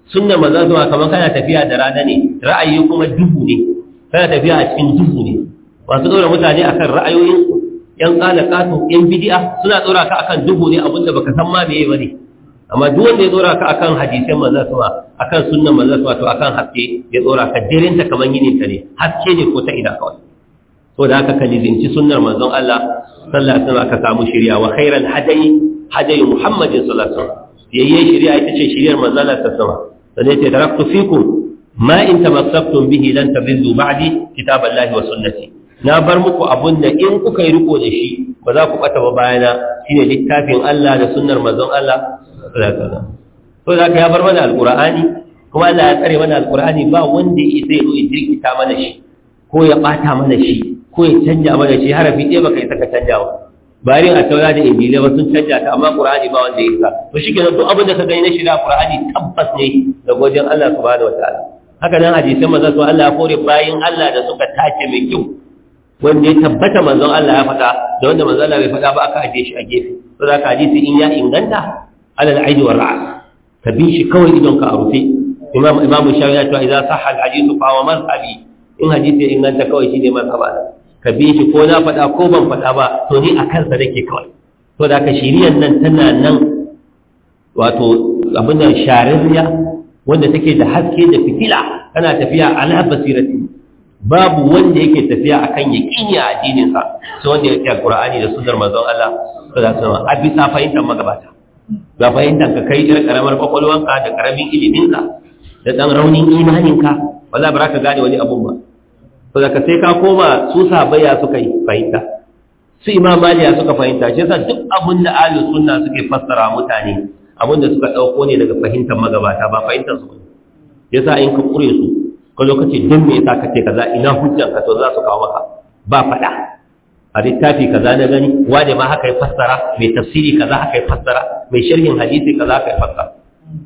sunna manzo sama kamar kana tafiya da rana ne ra'ayi kuma dubu ne kana tafiya a cikin dubu ne wasu dora mutane akan ra'ayoyin yan kalakatu yan bid'a suna dora ka akan dubu ne abinda baka san ma meye bane amma duk wanda ya tsora ka akan hadisan manzon sama akan sunnan manzon sama to akan haske ya tsora ka daren ta kaman yinin ta ne haske ne ko ta ina kawai to da aka ka lizinci sunnar manzon Allah sallallahu alaihi wasallam ka samu shiriya wa khairal hadayi hadayi muhammadin sallallahu alaihi wasallam yayye shiriya ita ce shiriyar manzon Allah sallallahu alaihi wasallam sai ce taraktu fikum ma in tamassaktum bihi lan tadillu ba'di kitaballahi wa sunnati na bar muku abun da in kuka yi riko da shi ba za ku bata ba bayana shine littafin Allah da sunnar manzon Allah kaza kaza to za ka ya bar mana alkur'ani kuma Allah ya tsare mana alkur'ani ba wanda ya zai zo ya jirkita mana shi ko ya bata mana shi ko ya canja mana shi harafi ɗaya baka yi ka canjawa ba bayan a taura da injila ba sun canja ta amma qur'ani ba wanda ya isa to shikenan duk abin da ka gani na shi na qur'ani tabbas ne da wajen Allah subhanahu wataala haka nan hadisan manzon su Allah ya kore bayin Allah da suka tace mai kyau wanda ya tabbata manzon Allah ya faɗa da wanda manzon Allah bai faɗa ba aka aje shi a gefe to za ka hadisi in ya inganta alal aidi wa ka bi shi kawai idon a rufe imam imam shafi ya cewa idan sahara al hadithu fa wa in hadisi ya inganta kawai shi ne mazhaba ka bi shi ko na faɗa ko ban faɗa ba to ni a kansa nake kawai to da ka shiriyar nan tana nan wato abin da shararriya wanda take da haske da fitila tana tafiya ala basirati babu wanda yake tafiya akan yaqini a addininsa sai wanda yake alqur'ani da sunnar manzon Allah sallallahu alaihi wasallam a bisa fahimtar magabata ga fahimtar ka kai ir karamar kwakwalwanka da karamin iliminka da ɗan raunin imaninka Ba za ba ka gane wani abun ba ba za ka sai ka koma su sabaya suka fahimta su imam maliya suka fahimta shi yasa duk abun da alu sunna suke fassara mutane abun da suka ɗauko ne daga fahimtar magabata ba fahimtar su ne yasa in ka kure su ka lokaci don me yasa ka ce ka za ina hujjan ka to za su kawo maka ba faɗa. a littafi kaza na gani wane ma haka ya fassara mai tafsiri kaza haka ya fassara mai sharhin hadisi kaza haka ya fassara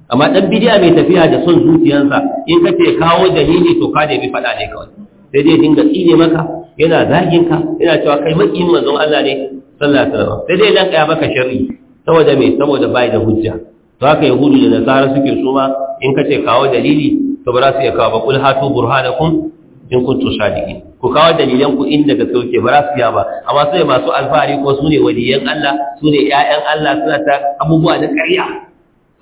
amma dan bidiya mai tafiya da son zuciyarsa in ka ce kawo dalili to ka bi faɗa ne kawai sai dai dinga tsine maka yana zagin ka yana cewa kai makin manzon Allah ne sallallahu alaihi wasallam sai dai dan kaya maka sharri saboda saboda bai da hujja to haka yahudu da nasara suke suma in ka ce kawo dalili to ba za su iya kawo ba kul hatu burhanakum in kuntum sadiqin ku kawo dalilan ku inda ga sauke ba za su ya ba amma sai masu alfahari ko su ne waliyan Allah su ne ƴaƴan Allah suna ta abubuwa na ƙarya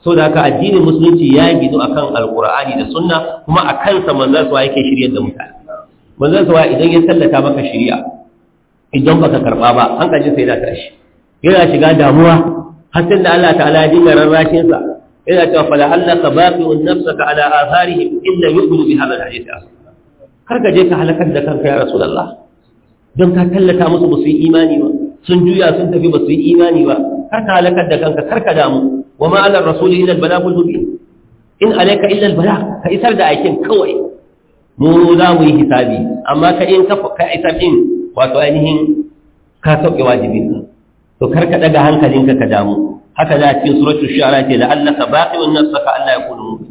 so da haka addinin musulunci ya gido akan alqur'ani da sunna kuma a kansa manzon sa yake shiryar da mutane manzon sa idan ya sallata maka shiriya, idan baka karba ba hankalin sai yana tashi yana shiga damuwa har sai da Allah ta'ala ya dinga rarrashin sa yana cewa fala hallaka baqi'un nafsaka ala atharihim illa yu'minu bi hadha al-hadith kar ka je ka halakar da kanka ya rasulullah don ka tallata musu ba su yi imani ba sun juya sun tafi ba su yi imani ba kar ka halakar da kanka kar ka damu wa ma ala rasuli illa albalagul mubin in alayka illa albalag ka isar da aikin kawai mu za mu yi hisabi amma ka in ka ka isabin wato ainihin ka sauke wajibin ka to kar ka daga hankalinka ka damu haka za a cikin suratul shara ce la'allaka baqi'un nafsaka alla yakunu mu'min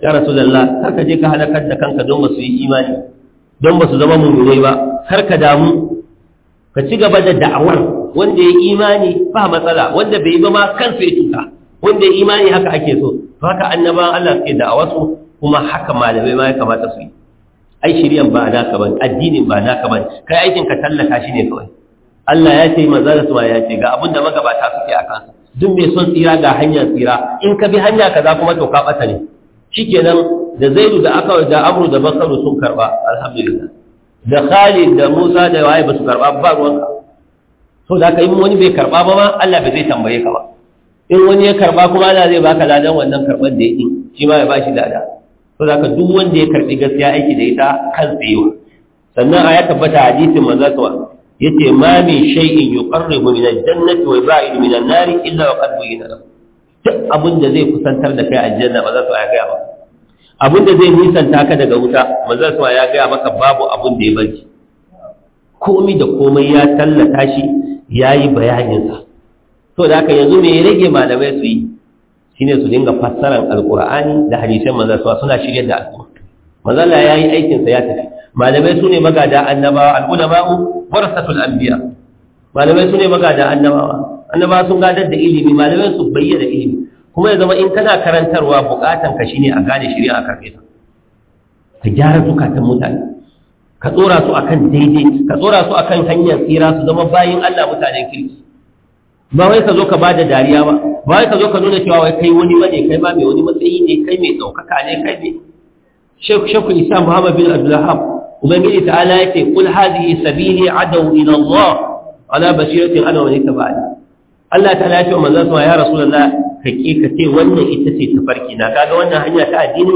ya rasulullah kar ka je ka halakar da kanka don ba yi imani don ba su zama mummunai ba kar ka damu ka ci gaba da da'awar wanda ya imani ba matsala wanda bai yi ba ma kansa ya cuta wanda ya imani haka ake so haka annaba Allah ke suke da'awarsu kuma haka malamai ma ya kamata su yi ai shiryan ba naka bane addinin ba naka bane kai aikin ka tallaka shi ne kawai Allah ya ce manzo da suma ya ce ga abin da magabata suke akan duk mai son tsira ga hanyar tsira in ka bi hanya kaza kuma to ka bata ne shikenan da zaidu da aka da amru da bakaru sun karba alhamdulillah da khalid da musa da waye ba su karba ba ruwanka so da ka yi wani bai karba ba ma Allah bai zai tambaye ka ba in wani ya karba kuma Allah zai baka ladan wannan karban da yake shi ma ya bashi lada so da ka duk wanda ya karbi gaskiya aiki da ita kan tsayewa sannan a ya tabbata hadisin manzo sallallahu yace ma min shay'in yuqarribu min al-jannati wa yuba'idu min an-nari illa wa qad bayyana lahu duk abin da zai kusantar da kai a ba za su ya gaya ba abin da zai nisanta ka daga wuta ba za su ya gaya maka babu abin da ya bari komai da komai ya tallata shi ya yi bayaninsa to da haka yanzu me rage malamai su yi shine su dinga fassarar alkur'ani da hadisan manzo suna shirye da alkur'ani manzo Allah yayi aikin sa ya tafi malamai sune magada annabawa al'ulama'u warasatul anbiya malamai sune magada annabawa annaba sun gadar da ilimi malamai su bayyana ilimi kuma ya zama in kana karantarwa bukatan ka shine a gane shari'a a karfe ka. ka gyara zukatan mutane ka tsora su akan daidai ka tsora su akan hanyar tsira su zama bayin Allah mutanen kirki ba wai ka zo ka bada dariya ba ba wai ka zo ka nuna cewa wai kai wani bane kai ma mai wani matsayi ne kai mai daukaka ne kai ne Sheikh Sheikh Isa Muhammad bin Abdullah Ubangiji ta'ala yake kul hadhihi sabili adaw ila Allah ala basiratin ana wani nitabani Allah ta lafiya manzon sa ya rasulullah kake ka ce wannan ita ce tafarki na kaga wannan hanya ta addini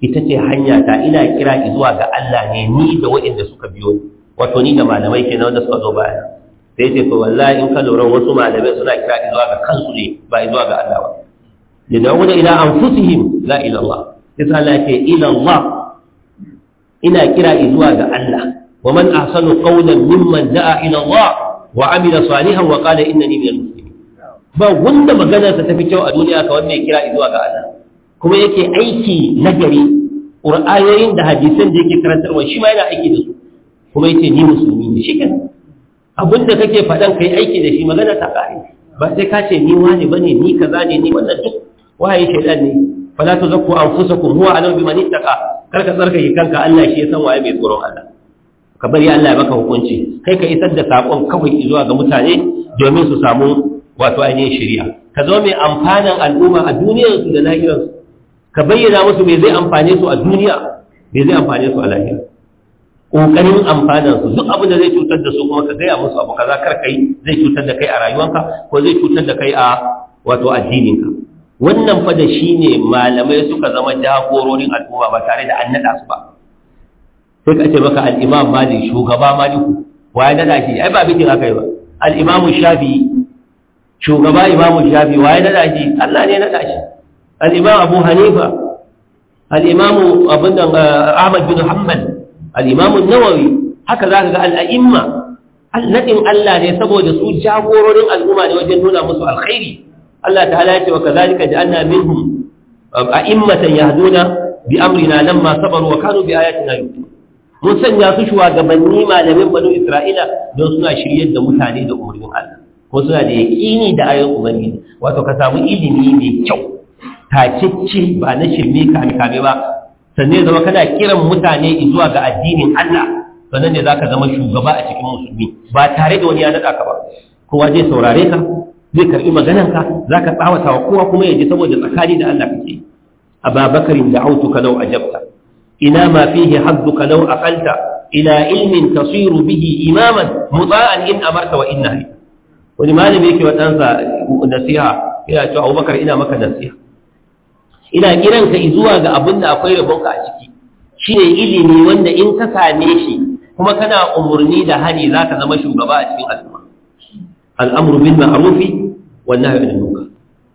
ita ce hanya ta ina kira zuwa ga Allah ne ni da waɗanda suka biyo wato ni da malamai kenan wanda suka zo baya sai ce to wallahi in ka lura wasu malamai suna kira zuwa ga kansu ne ba zuwa ga Allah ba yadawuna ila anfusihim la ila Allah sai Allah ce ila Allah ina kira zuwa ga Allah wa man ahsanu qawlan mimman da'a ila Allah wa amila salihan wa qala innani minal muslimin ba wanda maganar ta tafi kyau a duniya ka wanda ya kira zuwa ga Allah kuma yake aiki nagari qur'ayoyin da hadisan da yake karantarwa shi ma yana aiki da su kuma yace ni musulmi ne shikin abinda kake faɗan kai aiki da shi magana ta kare ba sai ka ce ni wani bane ni kaza ne ni wannan duk wahayi shaytan ne fala tuzakku anfusakum huwa alam biman ittaqa karka tsarkake kanka Allah shi ya san waye mai tsoron Allah ka bari Allah ya maka hukunci kai ka isar da sakon kawai zuwa ga mutane domin su samu wato ainihin shari'a ka zo mai amfanin al'umma a duniyar su da lahirar su ka bayyana musu me zai amfane su a duniya me zai amfane su a lahira kokarin amfanin su duk abin da zai cutar da su kuma ka gaya musu abu kaza kar kai zai cutar da kai a rayuwanka ko zai cutar da kai a wato addininka wannan fa da shine malamai suka zama jagororin al'umma ba tare da an nada su ba sai ka ce maka al'imam malik shugaba maliku waya ya dada shi ai ba bikin aka yi ba al shafi. shafi'i shugaba imam shafi'i wa ya dada shi Allah ne na dada shi al abu hanifa al-imam eh, ahmad bin hanbal al'imamun imam an-nawawi haka ka ga al Naɗin Allah ne saboda su jagororin al'umma ne wajen nuna musu alkhairi Allah ta'ala ya ce wa kazalika ja'alna minhum eh, a'immatan yahduna bi amrina lamma sabaru wa kanu bi ayatina yuqinun mun sanya su shugabanni malamin banu isra'ila don suna shiryar da mutane da umarnin Allah ko suna da yaqini da ayoyin ubangiji wato ka samu ilimi mai kyau Ta cicci ba na shirme kame kame ba sannan zama kana kiran mutane zuwa ga addinin Allah sanan ne zaka zama shugaba a cikin musulmi ba tare da wani ya nada ka ba kowa zai saurare ka zai karbi maganarka za ka tsawata wa kowa kuma ya saboda tsakani da Allah kake ababakarin da autuka lau ajabta ina ma fihi hadduka law aqalta ila ilmin tasiru bihi imaman muta'an in amarta wa inna wani malami yake wa ɗansa nasiha yana cewa abubakar ina maka nasiha ina kiranka zuwa ga abin da akwai a ciki shi ne ilimi wanda in ka same shi kuma kana umarni da hani za ka zama shugaba a cikin al'umma al'amuru bin ma'arufi wannan haɗin nuka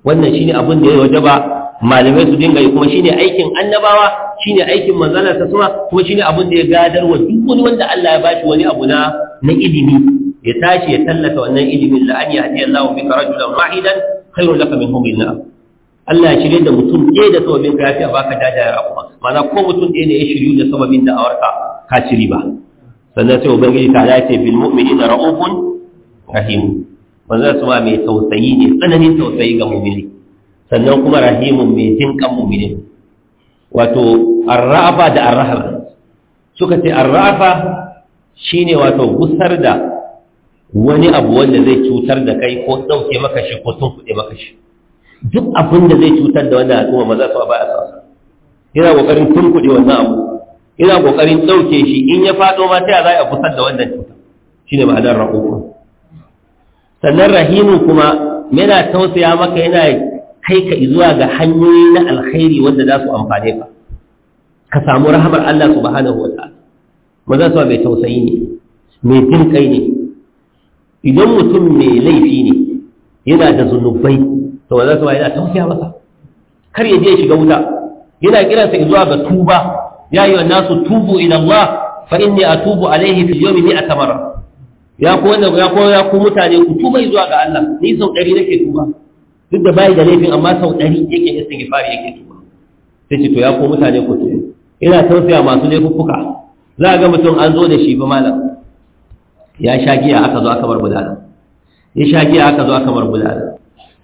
wannan shi ne abin da ya wajaba malamai su dinga yi kuma shine aikin annabawa shine aikin manzalar ta suma kuma shine abin da ya gadar wa duk wani wanda Allah ya bashi wani abu na na ilimi ya tashi ya tallata wannan ilimin la an yahdi Allah bika rajulan wahidan khairun laka min humil na'am Allah ya shirye da mutum ɗaya da sababin ka baka dada ya rabu mana ko mutum ɗaya ne ya shiryu da sababin da awarka ka ci riba sannan sai ubangiji ta dace bil mu'minina ra'ufun rahim manzon suma mai tausayi ne tsananin tausayi ga mu'mini sannan kuma rahimun mai jinkan mu'minin wato arrafa da arrahab suka ce arrafa shine wato gusar da wani abu wanda zai cutar da kai ko dauke maka shi ko tunkuɗe maka shi duk abin da zai cutar da wannan al'umma maza su ba a sa yana kokarin kuɗe wannan abu Ina kokarin ɗauke shi in ya faɗo ma ta za a kusar da wannan cuta shine ma'anar rahumu sannan rahimu kuma yana tausaya maka yana kai ka izuwa ga hanyoyi na alkhairi wanda za su amfane ka ka samu rahamar Allah subhanahu wataala maza su mai tausayi ne mai jin kai ne idan mutum mai laifi ne yana da zunubai to maza su yana tausaya masa kar ya je shiga wuta yana kiransa izuwa ga tuba ya yi wa su tubu ila Allah fa inni atubu alaihi fi yawmi mi'ata marra ya ko ya ko ya ku mutane ku tuba izuwa ga Allah ni sau 100 nake tuba duk da bayi da laifin amma sau ɗari yake istighfari yake tuba sai ce to ya ko mutane ku tuba ina tausaya masu laifuffuka za a ga mutum an zo da shi ba malam ya sha giya aka zo aka bar bulala ya sha giya aka zo aka bar bulala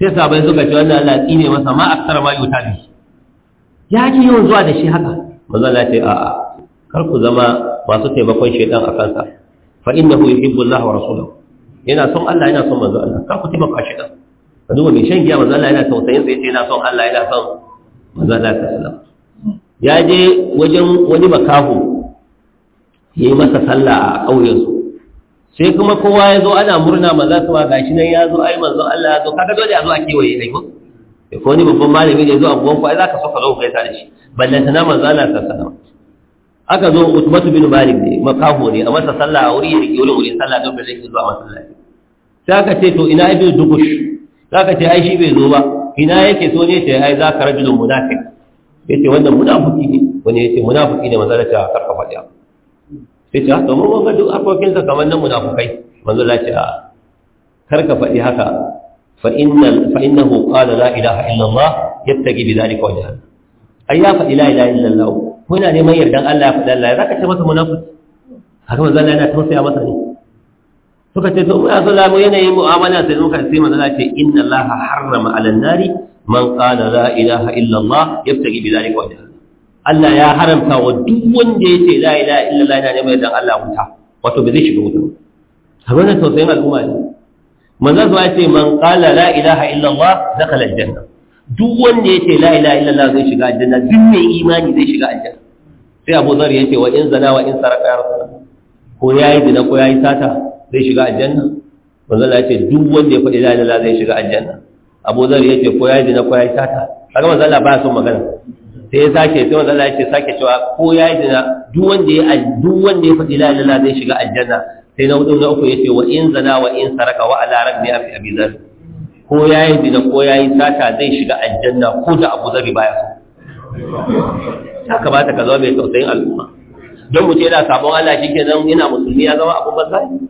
sai sabai suka ce wannan Allah tsine masa ma aksara ma yuta bi ya ki yau zuwa da shi haka manzo Allah ce a'a kar ku zama masu taimakon shedan a kansa fa innahu yuhibbu Allah wa rasuluhu yana son Allah yana son manzo Allah kar ku taimaka shedan ka duba mai shan giya mazala yana tausayin sai ce na son Allah yana son mazala ta sallallahu ya je wajen wani makaho yi masa sallah a ƙauyen su sai kuma kowa ya zo ana murna manzo sama gashi nan ya zo ai manzo Allah ya zo kaga dole a zo a kewaye ai ko ko ni babban malami ne zo a guwan ku ai zaka saka zo kai ta da shi ballanta na manzo Allah sallallahu aka zo Utbatu bin Malik ne makaho ne a masa sallah a wuri ya rike wani wuri sallah don bai zai zo a masallaci sai aka ce to ina ibnu dubush za ka ce ai bai zo ba ina yake so ne ce ai za ka rajulun munafiq ya ce wannan munafuki ne wani ya ce munafuki ne manzala ce a karka faɗi abu sai ce haka mun wanga duk harkokinsa kamar nan munafukai manzala ce a karka faɗi haka fa innahu qala la ilaha illallah yattaqi bi dhalika wajha ai ya faɗi la ilaha illallah ko yana neman yardan Allah ya faɗi Allah ya zaka ce masa munafuki haka manzala yana tausaya masa ne suka ce to muna son lamu yanayin mu'amala sai muka sai manzo Allah ce inna Allah harrama 'alan nari man qala la ilaha illa Allah yaftagi bi zalika wajha Allah ya haramta wa duk wanda yace la ilaha illa Allah yana neman dan Allah wuta wato bai zai shiga wuta ba kamar da tausayin al'umma ne manzo Allah ce man qala la ilaha illa Allah dakhala aljanna duk wanda ya ce la ilaha illa Allah zai shiga aljanna duk mai imani zai shiga aljanna sai Abu Dharr ce wa in zana wa in saraka ya rasulullah ko yayi dina ko yayi sata zai shiga aljanna manzon Allah ya duk wanda ya faɗi la ilaha zai shiga aljanna Abu Dharr ya ko ya dina ko yayi tata kaga manzon Allah ba son magana sai ya sake sai manzon Allah ya sake cewa ko ya dina duk wanda ya duk wanda ya faɗi la ilaha zai shiga aljanna sai na hudu na uku yace wa in zana wa in saraka wa ala rabbi abi abi dharr ko ya yi dina ko yayi tata zai shiga aljanna ko da Abu Dharr baya haka ya kamata ka zama mai tausayin al'umma don mu ce da sabon Allah shi ke nan yana musulmi ya zama abu banzai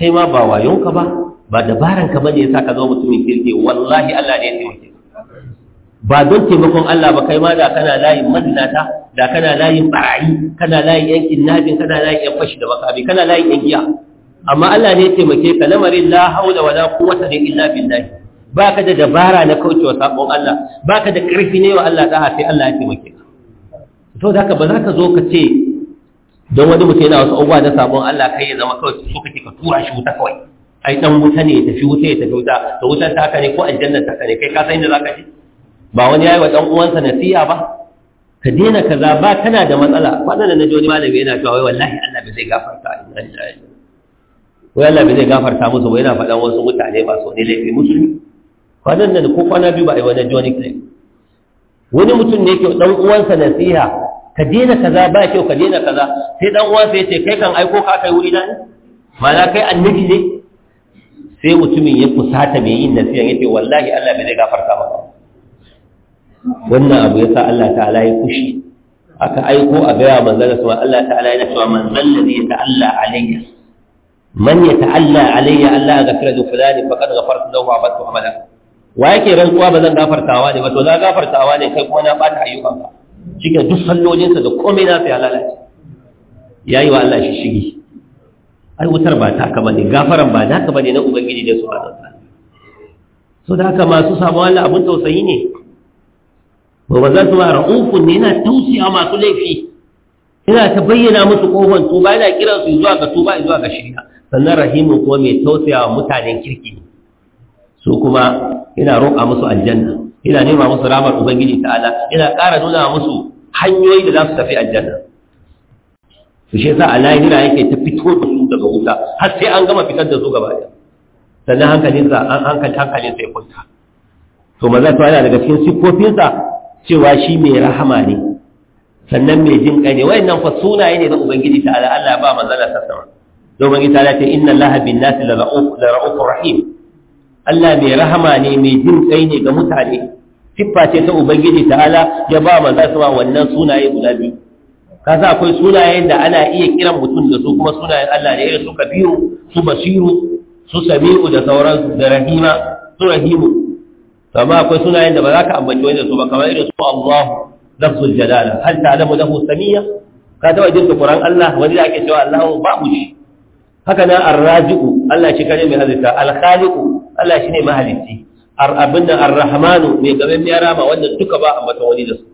kai ma ba wayonka ba ba dabaranka ba ne yasa ka zama mutumin kirki wallahi Allah ne ya taimake ba don taimakon Allah ba kai ma da kana layin madinata da kana layin barayi kana layin yan kinnabin kana layin yan fashi da makabi kana layin yan giya amma Allah ne ya taimake ka lamarin la haula wala quwwata illa billah baka da dabara na kaucewa sabon Allah baka da karfi ne wa Allah da sai Allah ya taimake ka to da ba za ka zo ka ce don wani mutum yana wasu abubuwa na sabon Allah kai ya zama kawai so kake ka tura shi wuta kawai ai dan wuta ne ya tafi wuta ya tafi wuta to wutar ta ne ko aljannar ta ne kai ka san inda zaka je ba wani yayi wa dan uwansa nasiha ba ka daina kaza ba kana da matsala wannan na joni malami yana cewa wai wallahi Allah bai zai gafarta wai Allah bai zai gafarta musu ba yana faɗan wasu mutane ba so ne laifi musulmi kwanan nan ko kwana biyu ba a yi wani joni kai wani mutum ne ke dan uwansa nasiha ka daina kaza ba kyau ka daina kaza sai dan uwa sai ce kai kan aiko ka kai wuri na ne kai annabi ne sai mutumin ya kusata mai yin nasiha yace wallahi Allah bai zai gafarta maka wannan abu ya sa Allah ta'ala ya kushi aka aiko a gaya manzon sama Allah ta'ala yana cewa man zallazi ya ta'alla alayya man ya ta'alla alayya Allah ya gafara da fulani faqad ghafartu lahu wa abattu amala wa yake rantsuwa ba zan gafartawa ne ba to na gafartawa ne kai kuma na bata ayyukanka cikin duk sallolinsa da komai na fiye lalace ya yi wa Allah shi shigi ai wutar ba ta ka bane gafaran ba na ka bane na ubangiji da su ba zanta so da haka masu samu Allah abin tausayi ne ba ba za su ba ra'ufun ne yana tausiya masu laifi ina ta bayyana musu kofan tuba yana kiran su zuwa ga tuba zuwa ga shirya sannan rahimu kuma mai tausaya wa mutanen kirki ne su kuma ina roƙa musu aljanna ina nema musu ramar ubangiji ta'ala ina ƙara nuna musu hanyoyi da za su tafi aljanna su shi sa Allah yana yake ta fito da su daga wuta har sai an gama fitar da su gaba da sannan hankalin sa an hankali hankalin sa ya kwanta to maza to yana daga cikin siffofin sa cewa shi mai rahama ne sannan mai jin kai ne wayannan fa sunaye ne na ubangiji ta'ala Allah ba manzala sa sama domin ita ta inna allaha bin nasi la ra'ufur rahim Allah mai rahama ne mai jin kai ne ga mutane siffa ce ta ubangiji ta'ala ya ba manzo sama wannan sunaye guda biyu kaza akwai sunayen da ana iya kiran mutum da su kuma sunayen Allah ne irin su kabiru su basiru su sami'u da sauran da rahima su rahimu amma akwai sunayen da ba za ka ambaci wani da su ba kamar irin su Allah lafzul jalala hal ta'lamu lahu samiya ka taba jin Qur'an Allah wani da ake cewa Allah babu shi haka nan ar-raziqu Allah shi kare mai hazita al-khaliqu Allah shi ne mahalicci abin da arrahmanu mai gaban ya rama wannan duka ba matan wani da su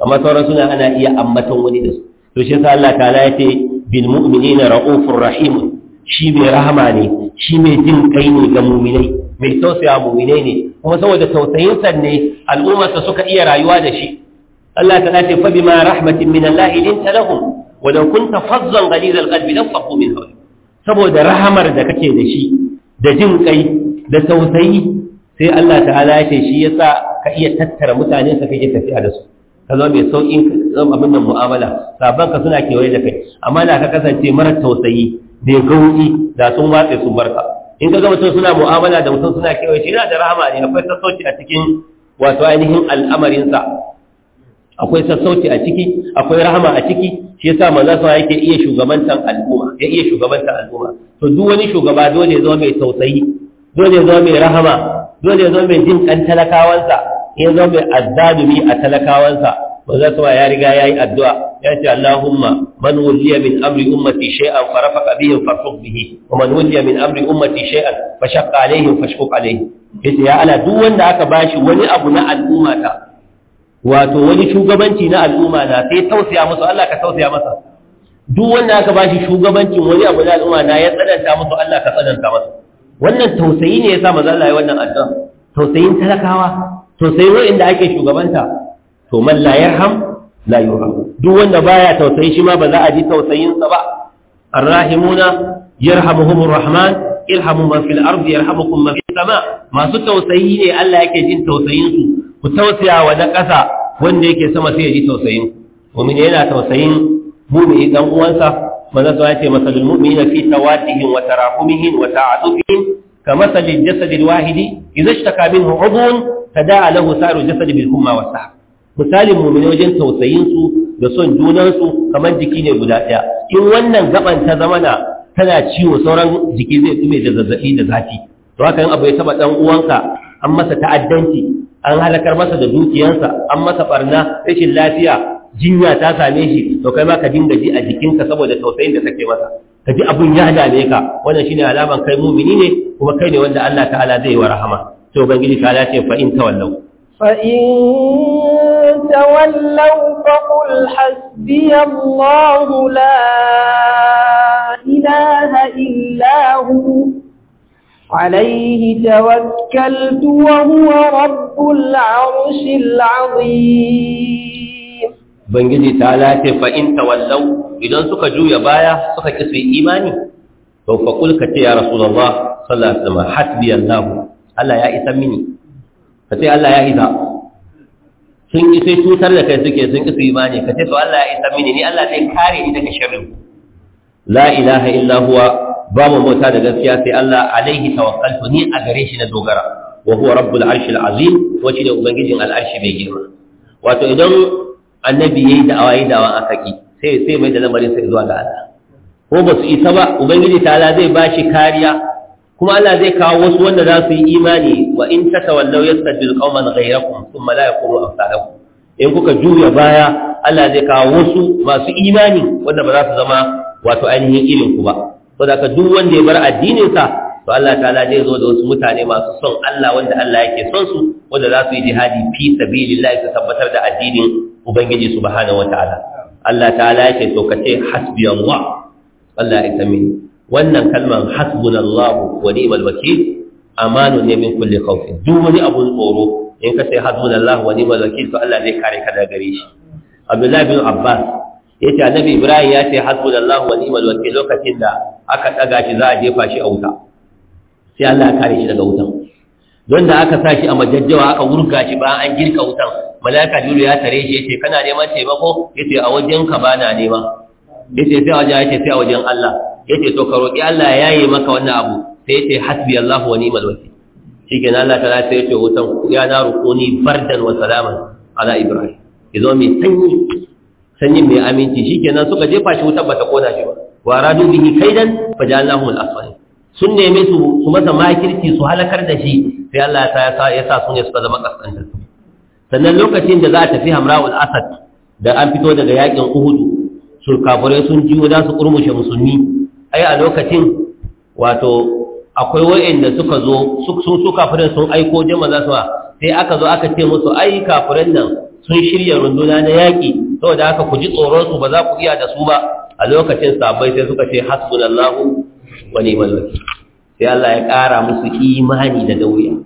amma sauran suna ana iya ambatan wani da su to shi yasa Allah ta'ala ya ce bil mu'minina ra'ufur rahim shi mai rahama ne shi mai jin kai ne ga muminai mai tausaya muminai ne kuma saboda tausayinsa ne al'ummarsa suka iya rayuwa da shi Allah ta ce fa bima rahmatin min Allah idin talahum wa law kunta fazzan ghaliz qalbi lafaqu min hawli saboda rahamar da kake da shi da jin kai da tausayi sai Allah ta'ala ya ce shi yasa ka iya tattara mutane ka kai tafiya da su ka zama mai sauƙin abin nan mu'amala sabon ka suna kewaye da kai amma da ka kasance mara tausayi bai gauki da sun watsa sun barka in ka ga mutum suna mu'amala da mutum suna kewaye shi yana da rahama ne akwai sassauci a cikin wato ainihin al'amarinsa akwai sassauci a ciki akwai rahama a ciki shi yasa manzo sa yake iya shugabantan al'umma ya iya shugabantan al'umma to duk wani shugaba dole ya zama mai tausayi dole ya mai rahama dole ya zama mai jin kan talakawansa ya zama mai azzalumi a talakawansa manzo sama ya riga ya yi addu'a ya ce Allahumma man wulliya min amri ummati shay'an farafaqa bihi farfuq bihi wa man wulliya min amri ummati shay'an fashaqqa alayhi fashquq alayhi yace ya ala duk wanda aka bashi wani abu na al'umma ta wato wani shugabanci na al'umma na sai tausaya musu Allah ka tausaya masa duk wanda aka bashi shugabancin wani abu na al'umma na ya tsananta musu Allah ka tsananta masa wannan tausayi ne ya sa maza Allah ya wannan addu'a tausayin talakawa tausayin ru'in da ake shugabanta to man la yarham la yurham duk wanda baya tausayi shi ma ba za a ji tausayin sa ba arrahimuna yarhamuhumur rahman irhamu man fil ardi yarhamukum man fis sama masu tausayi ne Allah yake jin tausayin su ku tausaya wa na ƙasa wanda yake sama sai ya ji tausayin ku yana tausayin mu'min dan uwansa manzo ya ce masalul mu'minina fi tawaddihim wa tarahumihim wa ta'atufihim كمثل الجسد الواحد إذا اشتكى منه عضو تداعى له سائر الجسد بالهمة والسعر misalin mummune wajen tausayinsu da son junansu kamar jiki ne guda ɗaya in wannan gaban ta zamana tana ciwo sauran jiki zai tsume da zazzaɓi da zafi to haka yin abu ya taɓa ɗan uwanka an masa ta'addanci an halakar masa da dukiyansa an masa barna rashin lafiya jinya ta same shi to kai ma ka dinga ji a jikinka saboda tausayin da take masa ka ji abun ya dame ka wannan shine alaman kai mumini ne kuma kai ne wanda Allah ta'ala zai wa rahama to ubangiji ta ce fa in tawallau fa in tawallau fa qul hasbi Allahu la ilaha illa hu عليه توكلت وهو رب العرش العظيم Bangiji ta lafe fa in tawallau idan suka juya baya suka ki su imani to fa ka ce ya rasulallah sallallahu alaihi wasallam hasbi allah Allah ya isa mini ka ce Allah ya isa sun ki sai tutar da kai suke sun ki su imani ka ce to Allah ya isa mini ni Allah zai kare ni daga sharrin la ilaha illa huwa babu mota da gaskiya sai Allah alaihi tawakkaltu ni a gare shi na dogara wa huwa rabbul arshil azim wace da ubangijin al'arshi mai girma wato idan annabi yayi da'awa yayi da'awa aka ki sai sai mai da lamarin sai zuwa ga Allah ko ba su isa ba ubangiji ta'ala zai ba shi kariya kuma Allah zai kawo wasu wanda za su yi imani wa in tatawallaw yastabdil qauman ghayrakum thumma la yaqulu amsalakum in kuka juya baya Allah zai kawo wasu masu imani wanda ba za su zama wato ainihin irin ku ba saboda ka duk wanda ya bar addinin sa to Allah ta'ala zai zo da wasu mutane masu son Allah wanda Allah yake son su wanda za su yi jihadi fi sabilillah su tabbatar da addinin ubangiji subhanahu wataala Allah ta'ala yake to kace hasbi Allah Allah ya tami wannan kalman hasbunallahu wa ni'mal wakil amanu ne min kulli khawfin duk wani abun tsoro in ka sai hasbunallahu wa ni'mal wakil to Allah zai kare ka daga gare shi Abdullahi bin Abbas yace annabi Ibrahim ya ce hasbunallahu wa ni'mal wakil lokacin da aka daga shi za a jefa shi a wuta sai Allah ya kare shi daga wutan don da aka sa shi a majajjawa aka wurga shi bayan an girka wutan mala'ika jibril ya tare shi yace kana neman taimako yace a wajen ka bana nema yace sai wajen yace sai wajen Allah yace to ka roki Allah ya yi maka wannan abu sai yace hasbi Allah wa ni'mal wakil shikenan Allah ta'ala sai yace wutan ya na rukuni bardan wa salaman ala ibrahim Idan mai sanyi sanyi mai aminci shikenan suka jefa shi wutan bata kona shi ba wa radu bihi kaidan fajalnahum al-asfarin sun neme su su masa makirci su halakar da shi sai Allah ya sa ya sa sun ne suka zama kaskantar sannan lokacin da za a tafi hamra'ul asad da an fito daga yakin uhudu su kafure sun jiwo za su kurmushe musulmi ai a lokacin wato akwai da suka zo sun su sun aiko jama za su sai aka zo aka ce musu ai kafirai nan sun shirya runduna na yaƙi saboda haka ku ji tsoron su ba za ku iya da su ba a lokacin sabai sai suka ce hasbunallahu wa ni'mal wakil sai Allah ya ƙara musu imani da dauriya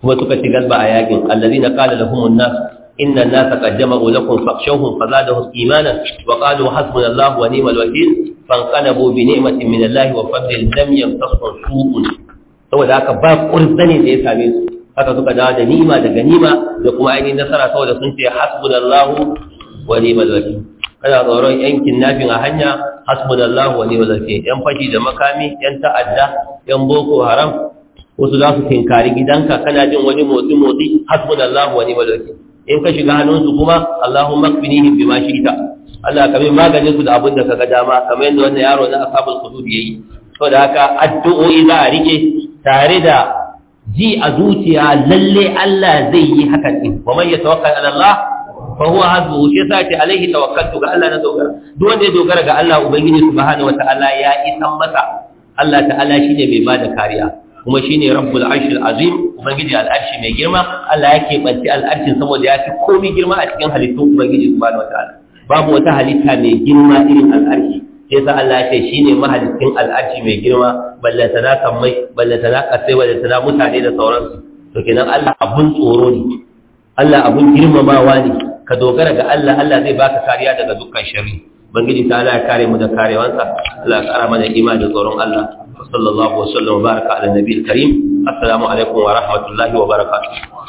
kuma suka ci galba a yakin na qala da humun nas inna an-nasa qad jama'u lakum da fazadahum imanan wa qalu hasbunallahu wa ni'mal wakeel fanqalabu bi ni'matin min Allah wa fadlin lam yamtasahum su'un saboda haka ba kurzani da ya same su haka suka dawo da nima da ganima da kuma ainihin nasara saboda sun ce hasbunallahu wa ni'mal wakeel kana tsoron yankin nafin a hanya hasbunallahu wa ni'mal wakeel yan fashi da makami yan ta'adda yan boko haram wasu za su tinkari gidanka kana jin wani motsi motsi hasbunallahu wa wani wakil in ka shiga hannunsu kuma Allahumma kfinihim ma shi'ta Allah ka bi maganin su da abin da kaga dama kamar yadda wannan yaro na ashabul hudud yayi da haka addu'o'i za a rike tare da ji a zuciya lalle Allah zai yi haka din wa man yatawakkal ala Allah fa huwa hasbuhu shi yasa ce alaihi tawakkaltu ga Allah na dogara duk wanda ya dogara ga Allah ubangiji subhanahu wataala ya isan masa Allah ta'ala shi ne mai bada kariya kuma shine rabbul arshil azim ubangiji al'arshi mai girma Allah yake banci al'arshin saboda ya fi komai girma a cikin halittun ubangiji subhanahu wataala babu wata halitta mai girma irin al'arshi sai sa Allah ya ce ne mahalicin al'arshi mai girma ballanta na kammai ballanta na kasai ballanta na mutane da sauransu to kenan Allah abun tsoro ne Allah abun girmamawa ne ka dogara ga Allah Allah zai baka kariya daga dukkan shari'a bangiji ta ala ya kare mu da karewansa Allah ya kara mana imani da tsoron Allah sallallahu alaihi wa sallam baraka ala nabiyil karim assalamu alaikum wa rahmatullahi wa barakatuh